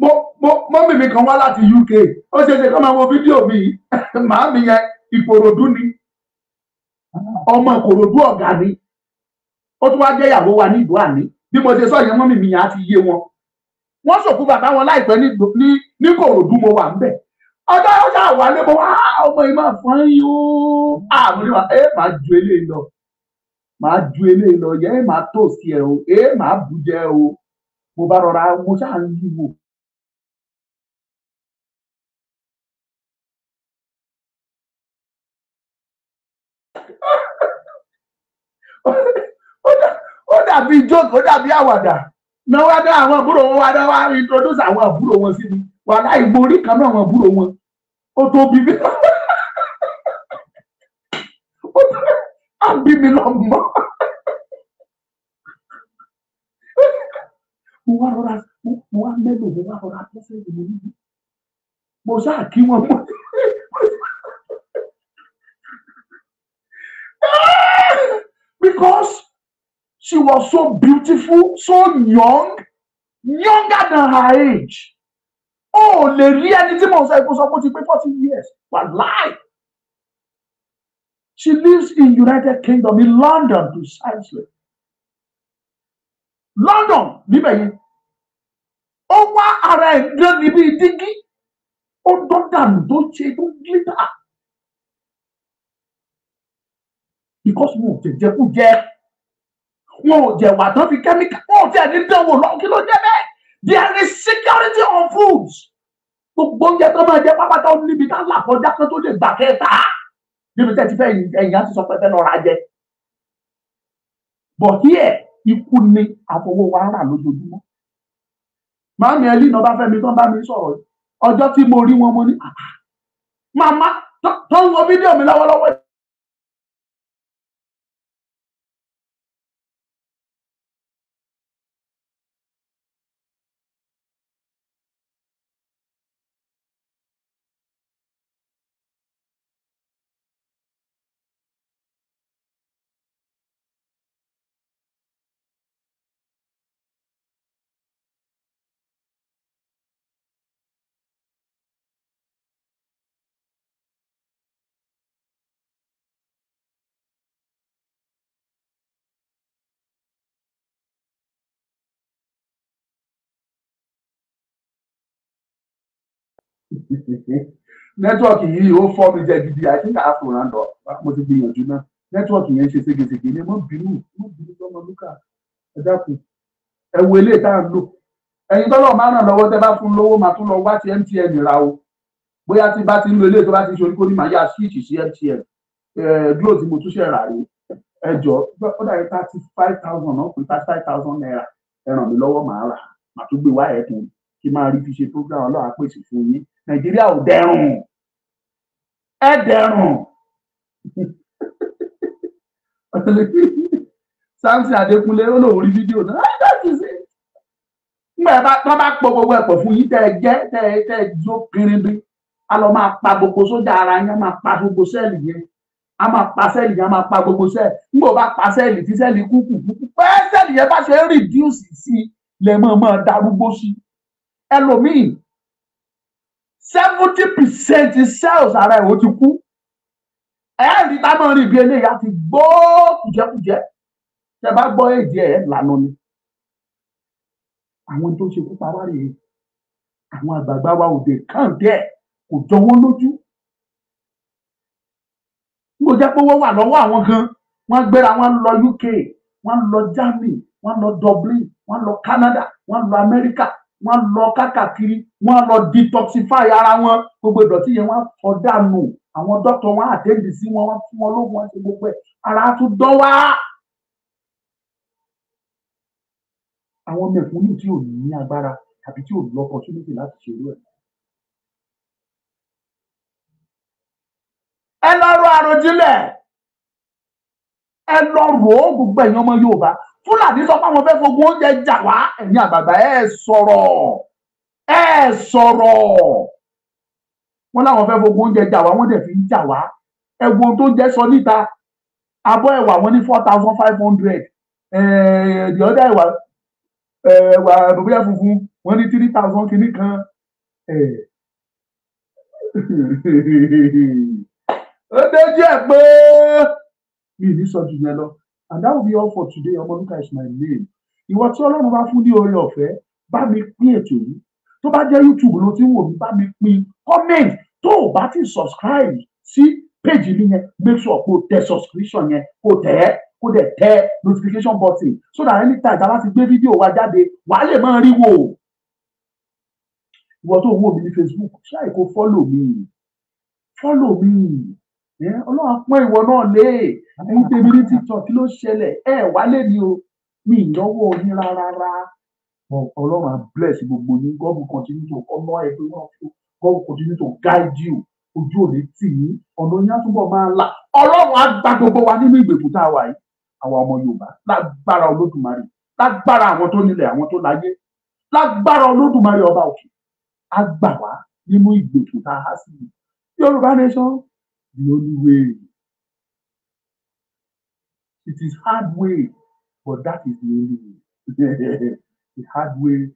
[SPEAKER 3] mo mo mọ́mì mi kan wá láti UK ó ṣe ṣe kó máa wo fídíò mi màámi yẹn Ìkòròdú ni ọmọ Ìkòròdú ọ̀gá ni ó tún wá jẹ́ ìyàwó wa ní ìlú àní bí mo ṣe sọ yẹn mọ́mì mi yẹn á ti yé wọn wọ́n ṣòkú bàbá wọn láìpẹ́ ní Ìkòròdú mo wà ń bẹ̀ ọjọ́ ọjọ́ àwọn alẹ́ bọ́ wá ah, ọmọ yìí máa fọ́n yóò àwọn ìwà ẹ máa ju eléyìí lọ
[SPEAKER 2] máa ju eléyìí lọ yẹ ẹ máa tó sí ẹ o ẹ eh, máa bù jẹ o mo bá rọra mo ṣáà ń yí wò. ó dàbí jókòó dàbí àwàdà náwó dá àwọn àbúrò
[SPEAKER 3] wọn wá náwó introduce àwọn àbúrò wọn sí mi wàhálà ìgbò orí kan náà wọn búrò wọn ó tó
[SPEAKER 2] bí mi ó tó á bí lọ mọ mo wá rọra
[SPEAKER 3] mo wá mẹ́lò mo wá rọra tó fẹ́ ìwé yìí mo sáà kí wọn mọ. Because she was so beautiful, so young, younger than her age ó lè rí ẹni tí mò ń sọ ikú sọ pé ó ti pé forty years wàláì she lives in United Kingdom in London precisely London níbẹ̀ yẹn ó wá ara ẹ̀ dán níbi dígí ó dán dànù tó ṣe tó glitter because wọn ò jẹjẹ kú jẹ wọn ò jẹwà tán fi kẹ́míkà wọn ò tẹ̀ ní dánwò lọ́wọ́ kí ló jẹ́ bẹ́ẹ̀ there is security on food gbogbo oúnjẹ tó máa jẹ pápátá ó níbi tá là kọjá kan tó lè gbà kẹta níbi tẹ́ ti fẹ́ ẹ̀yìn àti sọpẹ́ fẹ́ lọ́ọ́ ra jẹ but here ikú ni àfọwọ́ wa rà lójoojúmọ́
[SPEAKER 2] màámi ẹ lìnà bá fẹ́ mi tán bá mi sọ̀rọ̀ ọjọ́ tí mo rí wọn mo ní màmá tó ń wo fídíò mi lọ́wọ́lọ́wọ́ nẹ́tíwọ̀kì
[SPEAKER 3] yìí ó fọ́ mi jẹ gidi i think i have to round up mo
[SPEAKER 2] ti gbìyànjú náà nẹ́tíwọ̀kì yẹn ṣe ségesège ni
[SPEAKER 3] mo bínú mo bínú sọmọ lúkà ẹ dákun ẹ wo eléyìí tá à ń lò ẹ̀yin tọ́lọ̀ máa ràn lọ́wọ́ tẹ́ bá fún lówó máa tún lọ wá ti mtn ra o bóyá tí bá ti ń lo eléyìí tó bá ti ń ṣorí kó ní màá yá switch sí mtn glo tí mo túnṣe rà rè ẹ jọ ó dàrí thirty five thousand náà pín thirty five thousand naira ẹ ràn mí lọ́wọ́ màá rà màá tún gbé wá ẹ̀kún kí máa rí fi ṣe program ọlọ́run á pèsè fún yín nàìjíríà ò dẹrùn ẹ dẹrùn ọ̀tọ̀lẹ́kì samson adékúnlé ó lóun rí fídíò náà ẹ dọ́tí sí nígbà tó bá pọ̀ gbogbo ẹ̀pọ̀ fún yín tẹ́ ẹ jẹ́ tẹ́ ẹ tẹ́ ẹ jó kiribi a lọ máa pa gbogbo sójà ara yẹn a máa pa gbogbo sẹ́ẹ̀lì yẹn a máa pa sẹ́ẹ̀lì yẹn a máa pa gbogbo sẹ́ẹ̀lì nígbà ó bá pa sẹ́ẹ̀lì tí sẹ́ẹ̀lì kúkú kúkú pẹ́ sẹ́ẹ̀lì yẹn bá ṣe rìdíùsì sí i darúgbó sí ẹlòmíì seventy percent cells ara ẹ̀ ó ti kú ẹ̀ẹ́dì táwọn rí ibi eléyà ti gbó kùjẹ́kùjẹ́ tẹ bá gbọ́ èdè ẹ̀ lànà ni àwọn tó ṣekú pa wá rèé àwọn àgbààgbà wa ò dé kàǹdé ẹ̀ kò jọ wọ́n lójú mo jẹ́ pé wọ́n wà lọ́wọ́ àwọn gan wọ́n gbéra wọ́n lọ UK wọ́n lọ Germany wọ́n lọ Dublin wọ́n lọ Canada wọ́n lọ America wọ́n lọ kákàkiri wọ́n lọ detoxify ara wọn gbogbo ìdọ̀tí yẹn wọ́n fọ dànù àwọn dọ́tọ̀ wọn àtẹ́ǹdì sí wọn wọ́n fún wọn lóògùn wọn ṣe gbogbo ẹ̀ ara tún dán wá. àwọn mẹ̀kúnnù tí ò ní agbára tàbí tí ò ní opportunity láti ṣerú ẹ̀. ẹ lọ rò àròjinlẹ̀ ẹ lọ rò gbogbo ẹ̀yin ọmọ Yorùbá fúlàní sọ fáwọn fẹ́ fogun oúnjẹ jà wá ẹ̀yin àgbààgbà ẹ̀ sọ̀rọ̀ ẹ̀ sọ̀rọ̀ wọ́n láwọn fẹ́ fogun oúnjẹ jà wá wọ́n dẹ̀ fi ń jà wá ẹ̀gbọ́n tó jẹ́ sọ níta abọ́ ẹ̀wà wọn ní four thousand five hundred ẹ̀ẹ́dì ọ̀dà ẹ̀wà ẹ̀wà bóbíyà funfun wọn ní three thousand kìíní kan ẹ̀ ó dé jẹ́ pé mi ì ní sọ jù yẹn lọ and that will be all for today Omoluka is my name ìwọ tí ọlọ́run bá fún ní oore ọ̀fẹ́ bá mi pín ètò yìí tó bá jẹ́ youtube ló ti ń wò mí bá mi pín comment tó o bá ti subscribe sí page mi yẹn make sure kó o tẹ subscription yẹn kó o tẹ kó o dẹ̀ tẹ notification button so that anytime tá a bá ti gbé fídíò wa jáde wàá lè máa rí wò ìwọ tó ń wò mí ní facebook ṣáà kó follow mi follow mi ọlọ́run á pọ́n ìwọ náà lé ẹ̀yin tèmi ní tiktok ló ṣẹlẹ̀ ẹ wálé ni o mi ìnáwó yín rárá ọlọ́run á bless gbogbo yín God will continue to honour everyone of you God will continue to guide you ojú ò ní tì yín ọ̀nà yín á túbọ̀ máa là ọlọ́run á gba gbogbo wa nínú ìgbèkùn tá a wà yìí àwa ọmọ yorùbá lágbára olódùmarè lágbára àwọn tó nílẹ̀ àwọn tó láyé lágbára olódùmarè ọba òkè á gbà wá nínú ìgbèkùn tá a há sí yìí yorùbá nation
[SPEAKER 2] the only way. It is
[SPEAKER 3] hard way, but that is the only way. the hard way.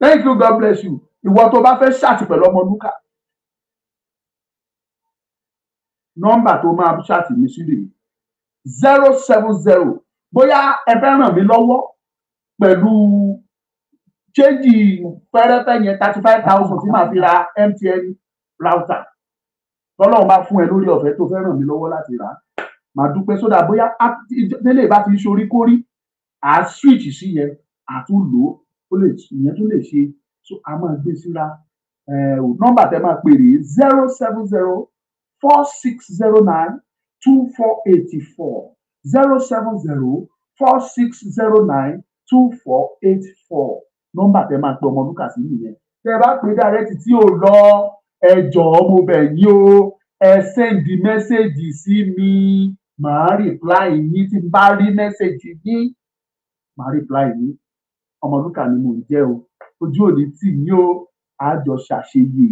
[SPEAKER 3] Thank you, God bless you. Ìwọ tó bá fẹ́ ṣáàtì pẹ̀lú ọmọ Lúkà. Nọ́mbà tó máa ṣáàtì mi sílè zero seven zero bóyá ẹ fẹ́ ràn mí lọ́wọ́ pẹ̀lú chéjì pẹ́rẹ́pẹ́ yẹn thirty five thousand tí màá fi ra MTN router. Tọ́lọ́run bá fún ẹ lórí ọ̀fẹ́ tó fẹ́ ràn mí lọ́wọ́ láti rà á màá dúpẹ́ sódà bóyá tẹ́lẹ̀ bá ti ṣorí kórí à á switch sí yẹn àtún lò ó ìyẹn tún lè ṣe so a máa gbé síra nọ́mbà tẹ́ máa pè rèé zero seven zero four six zero nine two four eighty four zero seven zero four six zero nine two four eight four nọ́mbà tẹ́ máa pè ọmọ Lucas nìyẹn tẹ́ bá pè dárẹ́tì tí ò lọ ẹ jọ̀ọ́ mo bẹ̀ yín o ẹ sẹ́ndì mẹ́sẹ́jì sí mi màá reply yín tí bá rí mẹ́sẹ̀gì yín màá reply yín ọmọlúkà ni mò ń jẹ́ o ojú òní tì yín o àjọ ṣàṣeyè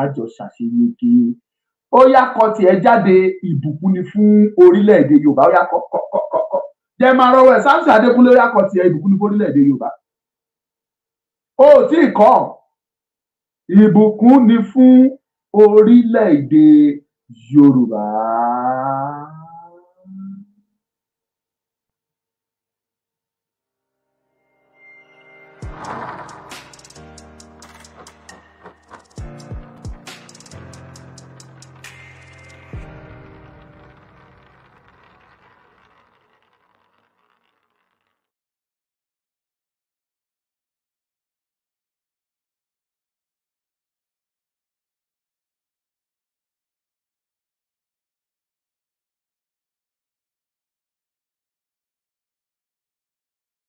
[SPEAKER 3] àjọ ṣàṣeyè kí ó yá kọ tiẹ̀ jáde ìbùkún ni fún orílẹ̀-èdè Yorùbá ó yá kọ kọ kọ kọ kọ jẹ́ máa rọwọ́ ẹ̀ Samson Adékúnlé ó yá kọ tiẹ̀ ìbùkún ni fún orílẹ̀-èdè Yorùbá ó tí ì kọ́ ìbùkún ni fún orílẹ̀-èdè Yorùbá.